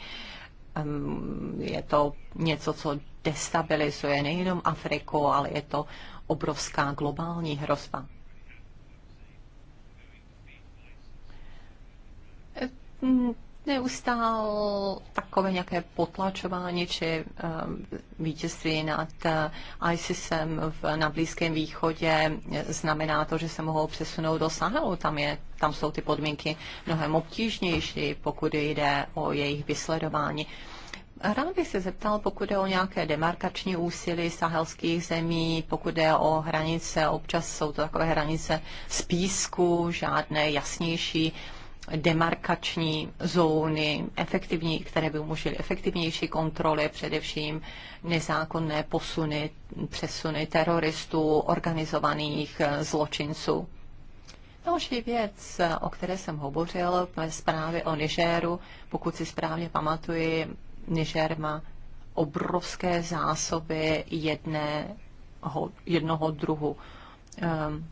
Je to něco, co destabilizuje nejenom Afriku, ale je to obrovská globální hrozba. neustál takové nějaké potlačování či um, vítězství nad eh, ISISem v, na Blízkém východě znamená to, že se mohou přesunout do Sahelu. Tam, je, tam jsou ty podmínky mnohem obtížnější, pokud jde o jejich vysledování. Rád bych se zeptal, pokud je o nějaké demarkační úsilí sahelských zemí, pokud je o hranice, občas jsou to takové hranice z písku, žádné jasnější demarkační zóny, efektivní, které by umožnily efektivnější kontroly, především nezákonné posuny, přesuny teroristů, organizovaných eh, zločinců. Další věc, eh, o které jsem hovořil ve zprávě o Nižéru, pokud si správně pamatuji, Niger má obrovské zásoby jedného, jednoho druhu um, ehm,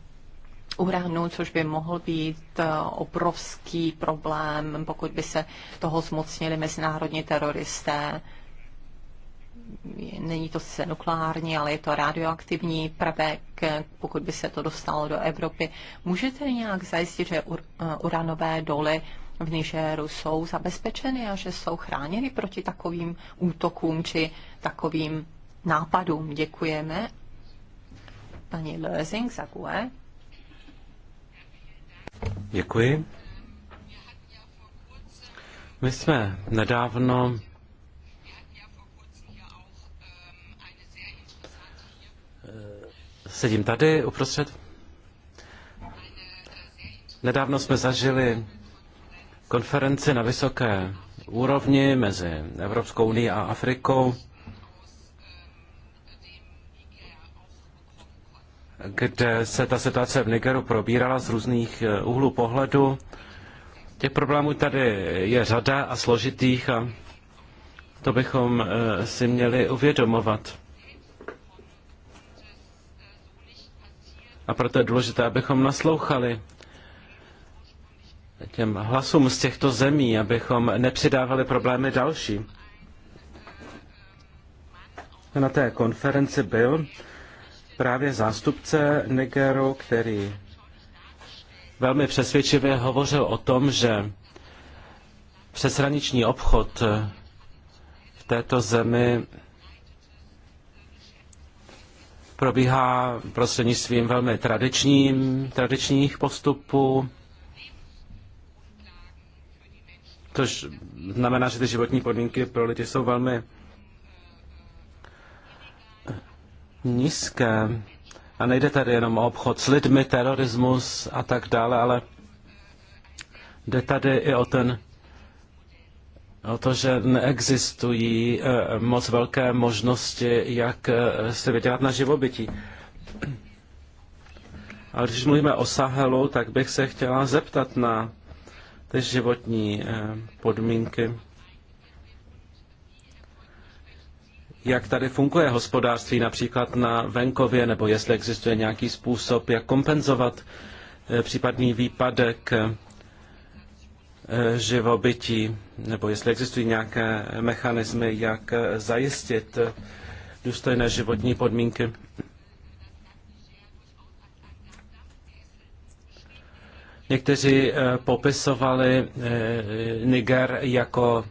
uranu, což by mohl být eh, obrovský problém, pokud by se toho zmocnili mezinárodní teroristé. Není to sice nukleární, ale je to radioaktivní prvek, pokud by se to dostalo do Evropy. Můžete nějak zajistit, že eh, uranové doly v Nigeru jsou zabezpečeny a že jsou chráněny proti takovým útokům či takovým nápadům. Děkujeme. Pani Lezing za Děkuji. My jsme nedávno eh, sedím tady uprostřed. Nedávno jsme zažili konferenci na vysoké úrovni mezi Evropskou unii a Afrikou, kde se ta situace v Nigeru probírala z různých eh, úhlů pohledu. Těch problémů tady je řada a složitých a to bychom eh, si měli uvědomovat. A proto je důležité, abychom naslouchali těm hlasům z těchto zemí, abychom nepřidávali problémy další. Na té konferenci byl právě zástupce Nigeru, který velmi přesvědčivě hovořil o tom, že přeshraniční obchod v této zemi probíhá prostřednictvím velmi tradičním, tradičních postupů, což znamená, že ty životní podmínky pro lidi jsou velmi nízké. A nejde tady jenom o obchod s lidmi, terorismus a tak dále, ale jde tady i o ten o to, že neexistují eh, moc velké možnosti, jak eh, se vydělat na živobytí. A když mluvíme o Sahelu, tak bych se chtěla zeptat na ty životní eh, podmínky. Jak tady funguje hospodářství například na venkově, nebo jestli existuje nějaký způsob, jak kompenzovat eh, případný výpadek eh, živobytí, nebo jestli existují nějaké mechanismy, jak zajistit důstojné životní podmínky. Někteří eh, popisovali eh, Niger jako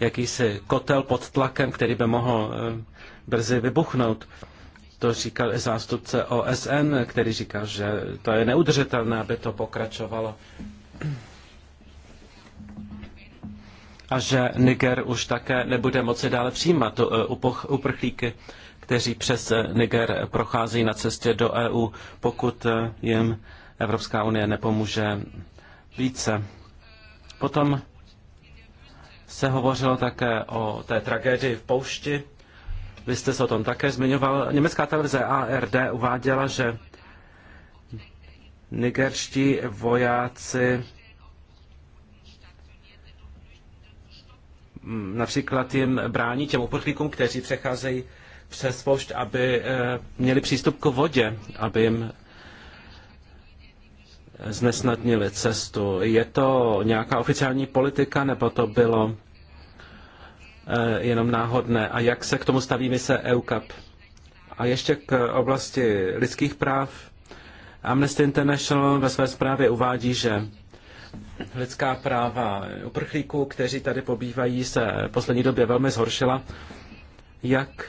jakýsi kotel pod tlakem, který by mohl eh, brzy vybuchnout. To říkal i zástupce OSN, který říkal, že to je neudržitelné, aby to pokračovalo. A že Niger už také nebude moci dále přijímat uprchlíky, kteří přes Niger procházejí na cestě do EU, pokud jim Evropská unie nepomůže více. Potom se hovořilo také o té tragédii v poušti. Vy jste se o tom také zmiňoval. Německá televize ARD uváděla, že nigerští vojáci mm, například jim brání těm uprchlíkům, kteří přecházejí přes poušť, aby eh, měli přístup k vodě, aby jim znesnadnili cestu. Je to nějaká oficiální politika, nebo to bylo eh, jenom náhodné? A jak se k tomu staví mise EUCAP? A ještě k oblasti lidských práv. Amnesty International ve své zprávě uvádí, že lidská práva uprchlíků, kteří tady pobývají, se v poslední době velmi zhoršila. Jak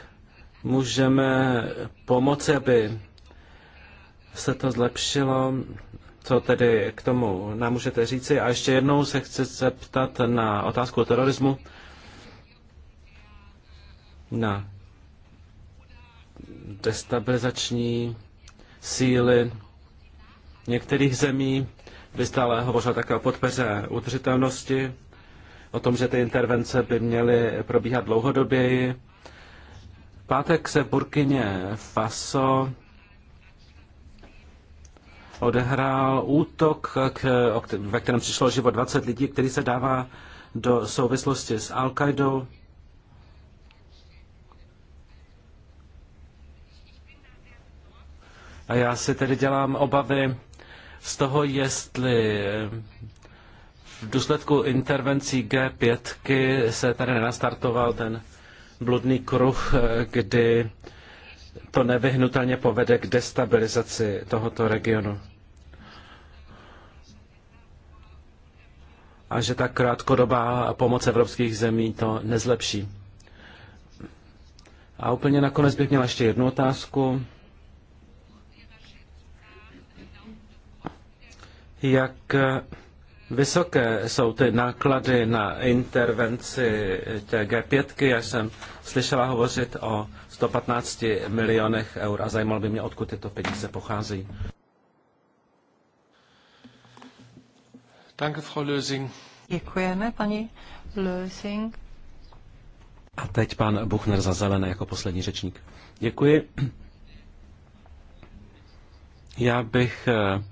můžeme pomoci, aby se to zlepšilo co tedy k tomu nám můžete říci. A ještě jednou se chci zeptat na otázku terorismu. Na destabilizační síly některých zemí. Vy stále hovořil také o podpeře udržitelnosti, o tom, že ty intervence by měly probíhat dlouhodoběji. Pátek se v Burkině Faso odehrál útok, k, ve kterém přišlo život 20 lidí, který se dává do souvislosti s al qaidou A já si tedy dělám obavy z toho, jestli eh, v důsledku intervencí G5 se tady nenastartoval ten bludný kruh, eh, kdy to nevyhnutelně povede k destabilizaci tohoto regionu. a že ta krátkodobá pomoc evropských zemí to nezlepší. A úplně nakonec bych měla ještě jednu otázku. Jak vysoké jsou ty náklady na intervenci té G5? Já jsem slyšela hovořit o 115 milionech eur a zajímalo by mě, odkud tyto peníze pocházejí. Danke, Frau Lösing. Děkujeme, paní Lösing. A teď pan Buchner za zelené jako poslední řečník. Děkuji. Já bych eh,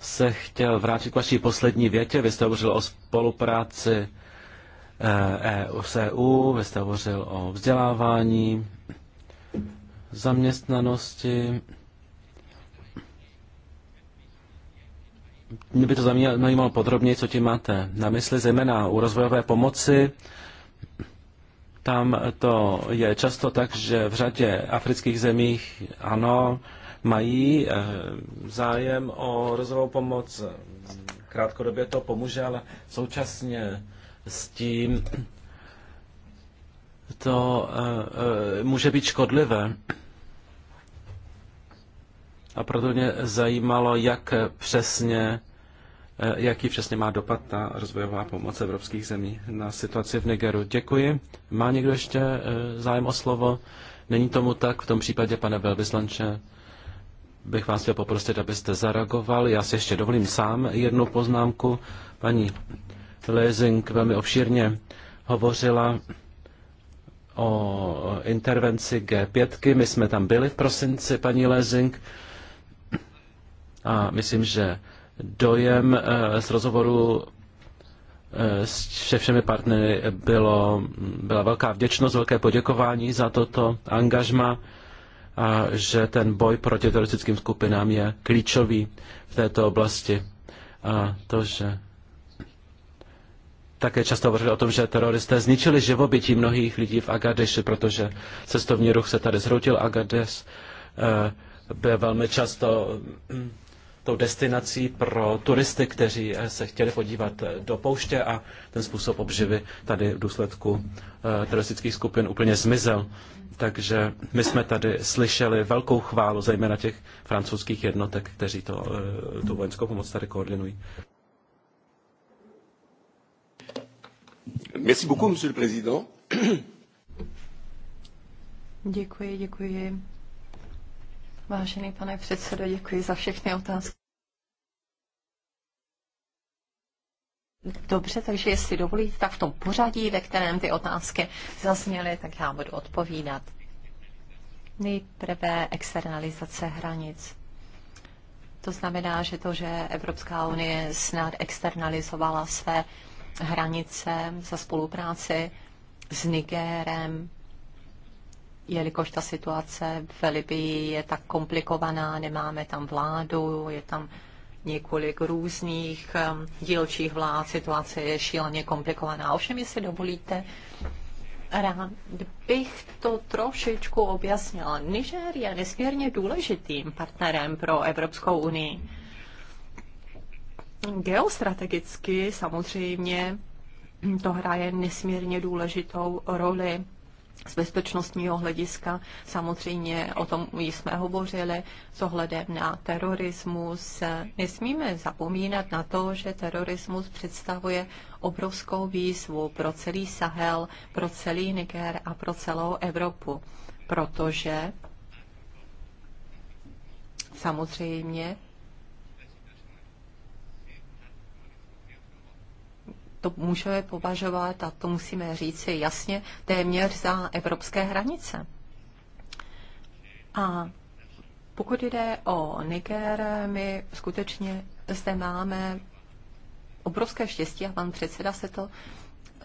se chtěl vrátit k vaší poslední větě. Vy jste hovořil o spolupráci EU eh, e EU, vy jste hovořil o vzdělávání, zaměstnanosti, Mě by to zajímalo podrobněji, co tím máte na mysli, zejména u rozvojové pomoci. Tam to je často tak, že v řadě afrických zemích, ano, mají eh, zájem o rozvojovou pomoc. Krátkodobě to pomůže, ale současně s tím to eh, eh, může být škodlivé. A proto mě zajímalo, jak přesně, eh, jaký přesně má dopad ta rozvojová pomoc evropských zemí na situaci v Nigeru. Děkuji. Má někdo ještě eh, zájem o slovo? Není tomu tak? V tom případě, pane velvyslanče, bych vás chtěl poprosit, abyste zareagoval. Já si ještě dovolím sám jednu poznámku. Paní Lezing velmi obšírně hovořila o intervenci G5. My jsme tam byli v prosinci, paní Lezing. A myslím, že dojem eh, z rozhovoru eh, se všemi partnery bylo, byla velká vděčnost, velké poděkování za toto angažma a že ten boj proti teroristickým skupinám je klíčový v této oblasti. A to, že také často hovořili o tom, že teroristé zničili živobytí mnohých lidí v Agadeši, protože cestovní ruch se tady zhroutil. Agadeš eh, byl velmi často tou destinací pro turisty, kteří se chtěli podívat do pouště a ten způsob obživy tady v důsledku eh, teroristických skupin úplně zmizel. Takže my jsme tady slyšeli velkou chválu, zejména těch francouzských jednotek, kteří to, eh, tu vojenskou pomoc tady koordinují. Merci beaucoup, monsieur le président. Děkuji, děkuji Vážený pane předsedo, děkuji za všechny otázky. Dobře, takže jestli dovolíte, tak v tom pořadí, ve kterém ty otázky zazněly, tak já budu odpovídat. Nejprve externalizace hranic. To znamená, že to, že Evropská unie snad externalizovala své hranice za spolupráci s Nigérem, jelikož ta situace v Libii je tak komplikovaná, nemáme tam vládu, je tam několik různých um, dílčích vlád, situace je šíleně komplikovaná. Ovšem, jestli dovolíte, rád bych to trošičku objasnila. Niger je nesmírně důležitým partnerem pro Evropskou unii. Geostrategicky samozřejmě to hraje nesmírně důležitou roli z bezpečnostního hlediska. Samozřejmě o tom jsme hovořili s ohledem na terorismus. Nesmíme zapomínat na to, že terorismus představuje obrovskou výzvu pro celý Sahel, pro celý Niger a pro celou Evropu, protože samozřejmě to můžeme považovat, a to musíme říci jasně, téměř za evropské hranice. A pokud jde o Niger, my skutečně zde máme obrovské štěstí a pan předseda se to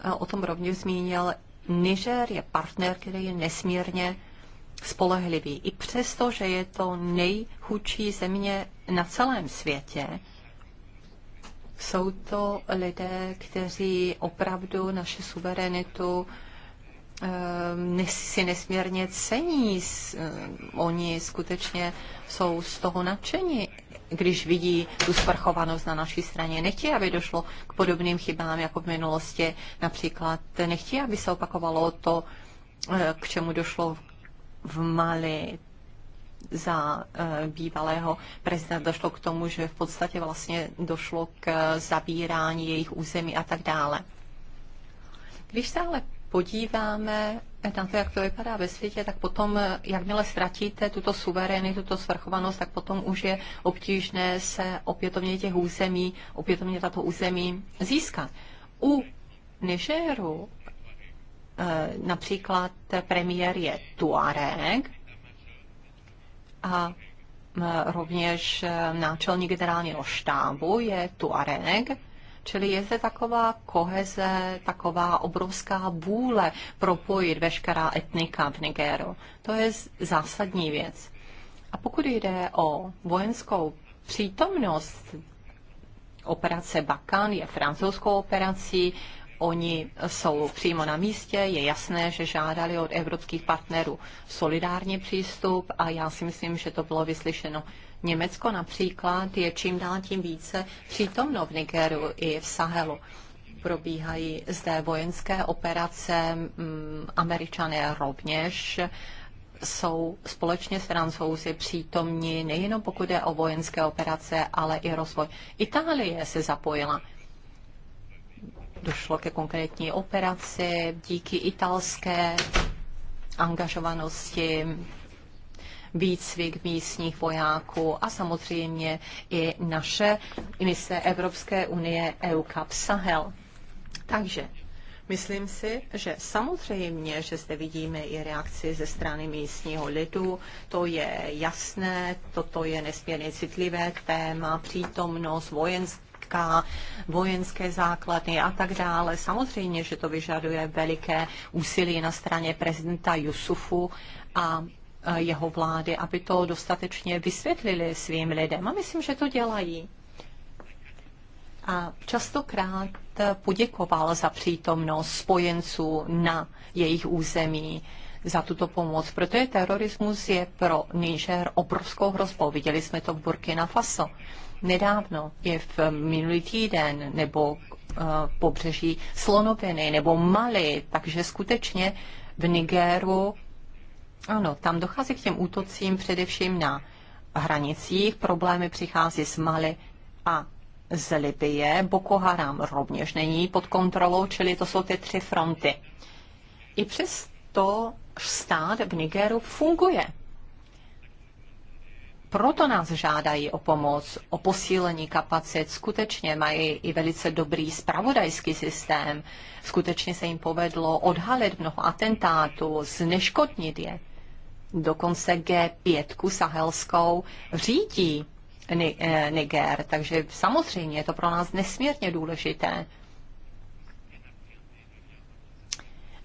eh, o tom rovněž zmínil. Niger je partner, který je nesmírně spolehlivý. I přesto, že je to nejchudší země na celém světě, jsou to lidé, kteří opravdu naše suverenitu ehm, si nesmírně cení. Ehm, oni skutečně jsou z toho nadšení, když vidí tu svrchovanost na naší straně. Nechtějí, aby došlo k podobným chybám jako v minulosti. Například nechtějí, aby se opakovalo to, ehm, k čemu došlo v Mali za eh, bývalého prezidenta došlo k tomu, že v podstatě vlastně došlo k eh, zabírání jejich území a tak dále. Když se ale podíváme eh, na to, jak to vypadá ve světě, tak potom, jakmile ztratíte tuto suverénní, tuto svrchovanost, tak potom už je obtížné se opětovně těch území, opětovně tato území získat. U Nigeru například premiér je Tuareg, a e, rovněž e, náčelník generálního štábu je Tuareg, čili je zde taková koheze, taková obrovská vůle propojit veškerá etnika v Nigeru. To je zásadní věc. A pokud jde o vojenskou přítomnost, operace Bakan je francouzskou operací, Oni jsou přímo na místě, je jasné, že žádali od evropských partnerů solidární přístup a já si myslím, že to bylo vyslyšeno. Německo například je čím dál tím více přítomno v Nigeru i v Sahelu. Probíhají zde vojenské operace, mm, američané rovněž jsou společně s francouzi přítomní nejenom pokud je o vojenské operace, ale i rozvoj. Itálie se zapojila došlo ke konkrétní operaci díky italské angažovanosti, výcvik místních vojáků a samozřejmě i naše mise Evropské unie EUCAP Sahel. Takže Myslím si, že samozřejmě, že zde vidíme i reakci ze strany místního lidu, to je jasné, toto je nesmírně citlivé téma, přítomnost vojenské letiska, vojenské základny a tak dále. Samozřejmě, že to vyžaduje veliké úsilí na straně prezidenta Jusufu a e, jeho vlády, aby to dostatečně vysvětlili svým lidem. A myslím, že to dělají. A častokrát poděkoval za přítomnost spojenců na jejich území za tuto pomoc, protože terorismus je pro Niger obrovskou hrozbou. Viděli jsme to v Burkina Faso nedávno, je v minulý týden, nebo eh, pobřeží Slonoviny nebo Mali, takže skutečně v Nigéru, ano, tam dochází k těm útocím především na hranicích, problémy přichází z Mali a z Libie, Boko Haram rovněž není pod kontrolou, čili to jsou ty tři fronty. I přesto stát v Nigeru funguje proto nás žádají o pomoc, o posílení kapacit. Skutečně mají i velice dobrý spravodajský systém. Skutečně se jim povedlo odhalit mnoho atentátů, zneškodnit je. Dokonce G5 sahelskou řídí eh, Niger, takže samozřejmě je to pro nás nesmírně důležité.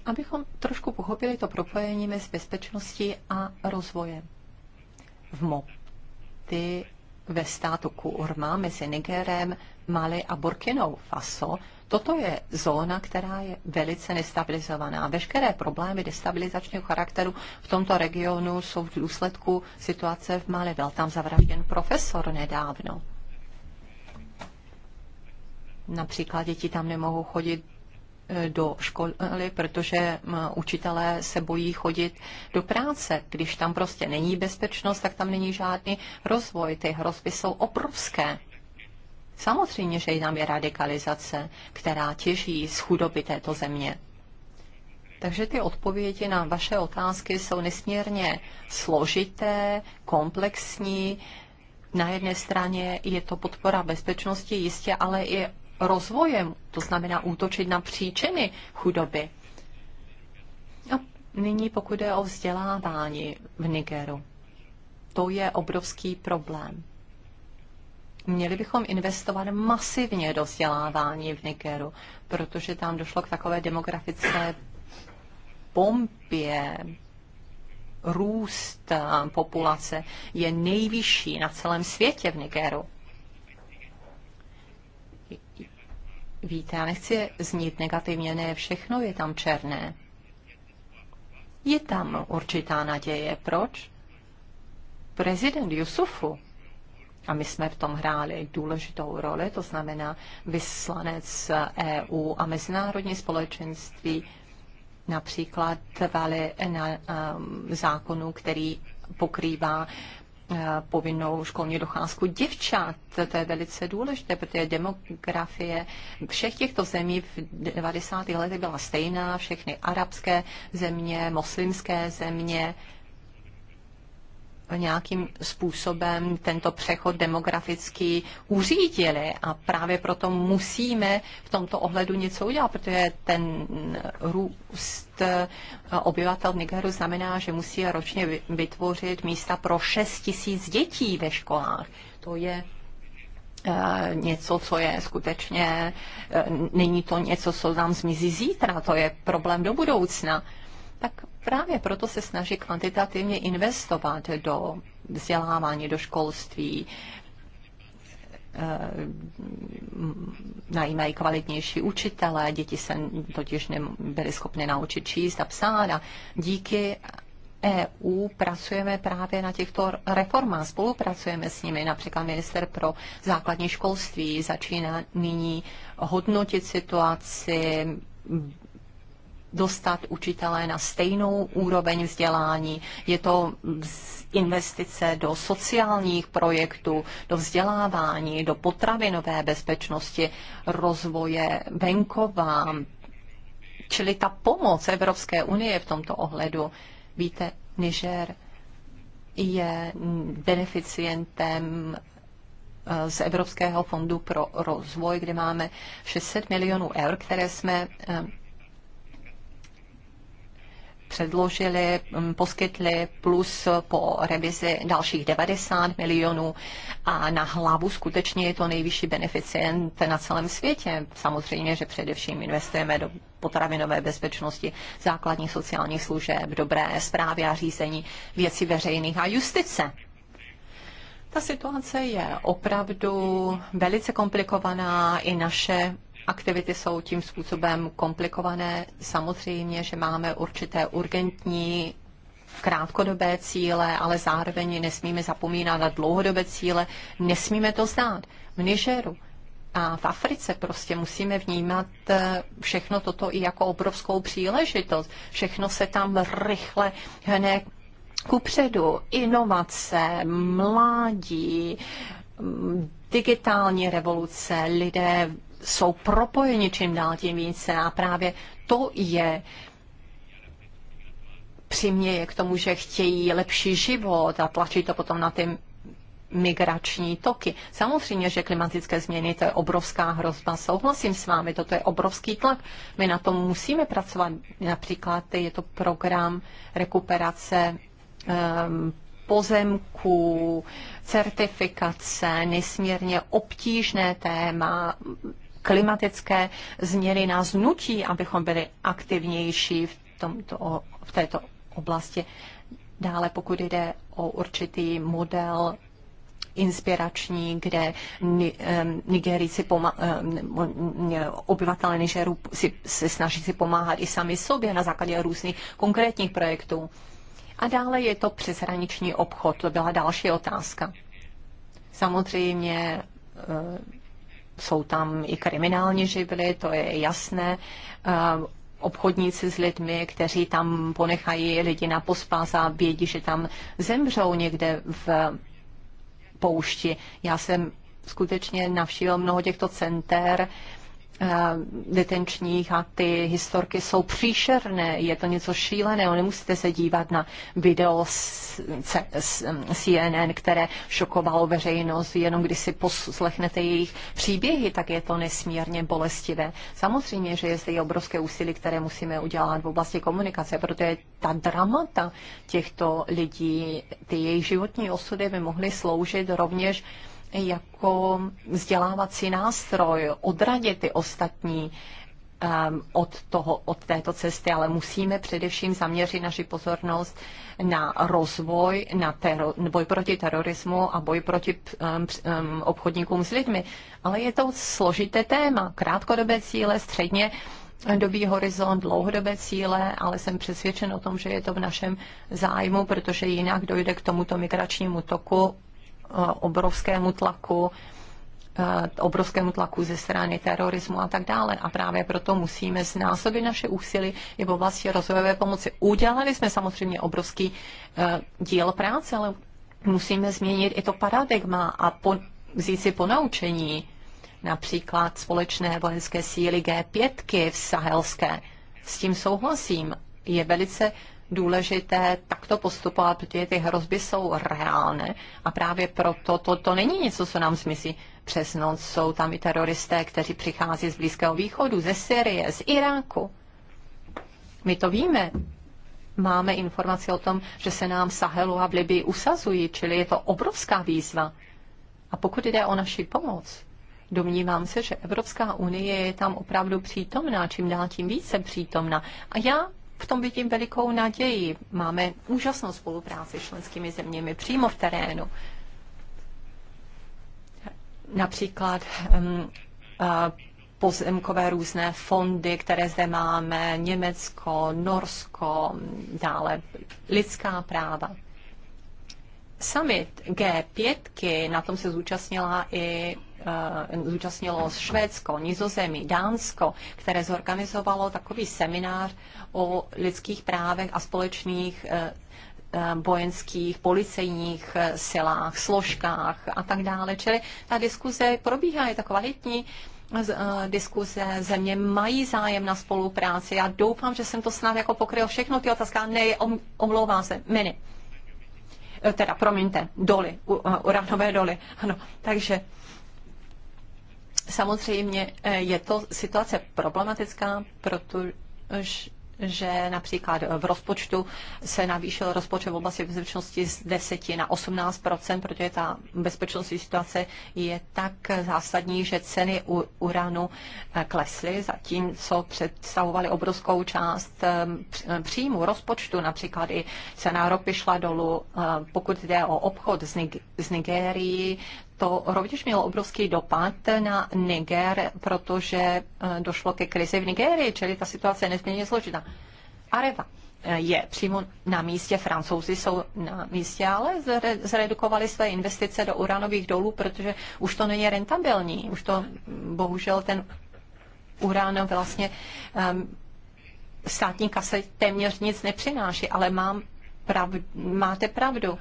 Abychom trošku pochopili to propojení mezi bezpečností a rozvojem. V MOP konflikty ve státu Kurma mezi Nigerem, Mali a Burkinou Faso. Toto je zóna, která je velice nestabilizovaná. Veškeré problémy destabilizačního charakteru v tomto regionu jsou v důsledku situace v Mali. Byl tam zavražděn profesor nedávno. Například děti tam nemohou chodit do školy, protože učitelé se bojí chodit do práce. Když tam prostě není bezpečnost, tak tam není žádný rozvoj. Ty hrozby jsou obrovské. Samozřejmě, že i tam je radikalizace, která těží z chudoby této země. Takže ty odpovědi na vaše otázky jsou nesmírně složité, komplexní. Na jedné straně je to podpora bezpečnosti jistě, ale i rozvojem, to znamená útočit na příčiny chudoby. A nyní pokud je o vzdělávání v Nigeru. To je obrovský problém. Měli bychom investovat masivně do vzdělávání v Nigeru, protože tam došlo k takové demografické pompě. Růst populace je nejvyšší na celém světě v Nigeru. Víte, já nechci znít negativně, ne všechno je tam černé. Je tam určitá naděje. Proč? Prezident Jusufu, a my jsme v tom hráli důležitou roli, to znamená vyslanec EU a mezinárodní společenství, například dvali na um, zákonu, který pokrývá Eh, povinnou školní docházku děvčat. To je velice důležité, protože demografie všech těchto zemí v 90. letech byla stejná, všechny arabské země, moslimské země, nějakým způsobem tento přechod demografický uřídili a právě proto musíme v tomto ohledu něco udělat, protože ten růst eh, obyvatel Nigeru znamená, že musí ročně vytvořit místa pro 6 tisíc dětí ve školách. To je eh, něco, co je skutečně, eh, není to něco, co nám zmizí zítra, to je problém do budoucna tak právě proto se snaží kvantitativně investovat do vzdělávání, do školství, eh, najímají kvalitnější učitele, děti se totiž nebyly schopny naučit číst a psát a díky EU pracujeme právě na těchto reformách, spolupracujeme s nimi. Například minister pro základní školství začíná nyní hodnotit situaci, dostat učitelé na stejnou úroveň vzdělání. Je to investice do sociálních projektů, do vzdělávání, do potravinové bezpečnosti, rozvoje venkova, čili ta pomoc Evropské unie v tomto ohledu. Víte, Niger je beneficientem eh, z Evropského fondu pro rozvoj, kde máme 600 milionů eur, které jsme eh, předložili, mm, poskytli, plus po revizi dalších 90 milionů a na hlavu skutečně je to nejvyšší beneficient na celém světě. Samozřejmě, že především investujeme do potravinové bezpečnosti, základních sociálních služeb, dobré zprávy a řízení věcí veřejných a justice. Ta situace je opravdu velice komplikovaná. I naše aktivity jsou tím způsobem komplikované. Samozřejmě, že máme určité urgentní krátkodobé cíle, ale zároveň nesmíme zapomínat na dlouhodobé cíle. Nesmíme to znát. V Nigeru a v Africe prostě musíme vnímat eh, všechno toto i jako obrovskou příležitost. Všechno se tam rychle hne kupředu. Inovace, mládí, mm, digitální revoluce, lidé jsou propojeni čím dál tím více a právě to je přiměje k tomu, že chtějí lepší život a tlačí to potom na ty migrační toky. Samozřejmě, že klimatické změny to je obrovská hrozba. Souhlasím s vámi, toto je obrovský tlak. My na tom musíme pracovat. Například je to program rekuperace um, pozemků, certifikace, nesmírně obtížné téma klimatické změny nás nutí, abychom byli aktivnější v, tomto, v této oblasti. Dále, pokud jde o určitý model inspirační, kde Nigerici obyvatelé Nigeru si, se snaží si pomáhat i sami sobě na základě různých konkrétních projektů. A dále je to přeshraniční obchod, to byla další otázka. Samozřejmě jsou tam i kriminální živly, to je jasné. Obchodníci s lidmi, kteří tam ponechají lidi na pospas a vědí, že tam zemřou někde v poušti. Já jsem skutečně navštívil mnoho těchto center, Eh, detenčních a ty historky jsou příšerné, je to něco šíleného, nemusíte se dívat na video z CNN, které šokovalo veřejnost, jenom když si poslechnete jejich příběhy, tak je to nesmírně bolestivé. Samozřejmě, že je zde obrovské úsilí, které musíme udělat v oblasti komunikace, protože ta dramata těchto lidí, ty jejich životní osudy by mohly sloužit rovněž uh, jako vzdělávací nástroj, odradit ty ostatní um, od, toho, od této cesty, ale musíme především zaměřit naši pozornost na rozvoj, na tero, boj proti terorismu a boj proti um, um, obchodníkům s lidmi. Ale je to složité téma. Krátkodobé cíle, středně dobý horizont, dlouhodobé cíle, ale jsem přesvědčen o tom, že je to v našem zájmu, protože jinak dojde k tomuto migračnímu toku Eh, obrovskému tlaku eh, obrovskému tlaku ze strany terorismu a tak dále. A právě proto musíme znásobit naše úsilí i v oblasti rozvojové pomoci. Udělali jsme samozřejmě obrovský eh, díl práce, ale musíme změnit i to paradigma a po, vzít si ponaučení například společné vojenské síly G5 v sahelské. S tím souhlasím. Je velice důležité takto postupovat, protože ty hrozby jsou reálné a právě proto to, to není něco, co nám smyslí přes noc. Jsou tam i teroristé, kteří přichází z Blízkého východu, ze Syrie, z Iráku. My to víme. Máme informace o tom, že se nám v Sahelu a v Libii usazují, čili je to obrovská výzva. A pokud jde o naši pomoc, Domnívám se, že Evropská unie je tam opravdu přítomná, čím dál tím více přítomná. A já v tom vidím velikou naději. Máme úžasnou spolupráci s členskými zeměmi přímo v terénu. Například um, uh, pozemkové různé fondy, které zde máme, Německo, Norsko, dále lidská práva. Summit G5, na tom se zúčastnila i Eh, zúčastnilo Švédsko, Nizozemí, Dánsko, které zorganizovalo takový seminář o lidských právech a společných eh, eh, vojenských, policejních silách, složkách a tak dále. Čili ta diskuze probíhá, je to kvalitní diskuze, země mají zájem na spolupráci. Já doufám, že jsem to snad jako pokryl všechno ty otázky, ne, omlouvám se, mini. Teda, promiňte, doly, uranové doly. Ano, takže Samozřejmě eh, je to situace problematická, protože například v rozpočtu se navýšil rozpočet v oblasti bezpečnosti z 10 na 18 protože ta bezpečnostní situace je tak zásadní, že ceny u, uranu eh, klesly, zatímco představovaly obrovskou část eh, příjmu rozpočtu. Například i cena ropy šla dolů. Pokud jde o obchod z Nigérií, to rovněž mělo obrovský dopad na Niger, protože e, došlo ke krizi v Nigérii, čili ta situace je nesmírně složitá. Areva e, je přímo na místě, francouzi jsou na místě, ale zredukovali své investice do uranových dolů, protože už to není rentabilní, už to bohužel ten urán vlastně um, státní kase téměř nic nepřináší, ale mám prav, máte pravdu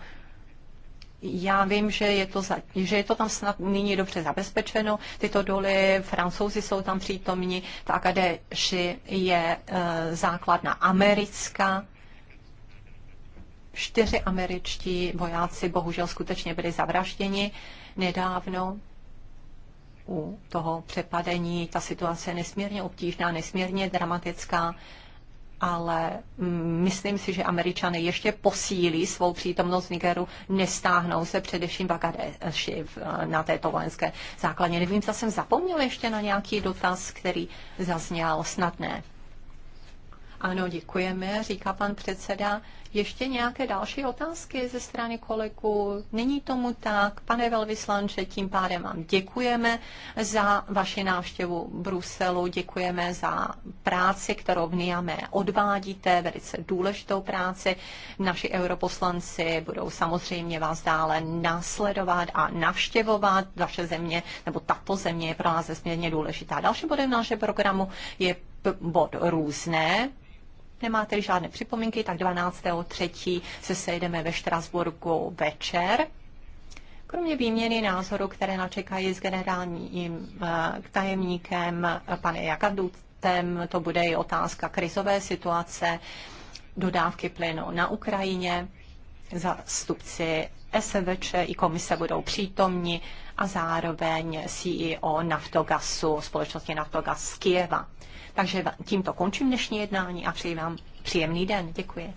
já vím, že je, to za, že je to tam snad nyní dobře zabezpečeno, tyto doly, francouzi jsou tam přítomní, ta akadeši je e, základna americká. Čtyři američtí vojáci bohužel skutečně byli zavražděni nedávno u toho přepadení. Ta situace je nesmírně obtížná, nesmírně dramatická ale mm, myslím si, že američané ještě posílí svou přítomnost v Nigeru, nestáhnou se především v Agadeši na této vojenské základně. Nevím, zda jsem zapomněl ještě na nějaký dotaz, který zazněl snadné. Ano, děkujeme, říká pan předseda. Ještě nějaké další otázky ze strany kolegů? Není tomu tak. Pane velvyslanče, tím pádem vám děkujeme za vaši návštěvu Bruselu, děkujeme za práci, kterou v Niamé odvádíte, velice důležitou práci. Naši europoslanci budou samozřejmě vás dále následovat a navštěvovat. Vaše země, nebo tato země je pro nás nesmírně důležitá. Další bodem našeho programu je bod různé, nemáte žádné připomínky, tak 12.3. se sejdeme ve Štrasburgu večer. Kromě výměny názoru, které načekají s generálním eh, tajemníkem eh, pane Jakadutem, to bude i otázka krizové situace, dodávky plynu na Ukrajině, zastupci SVČ i komise budou přítomni a zároveň CEO Naftogasu, společnosti Naftogaz z Kieva. Takže tímto končím dnešní jednání a přeji vám příjemný den. Děkuji.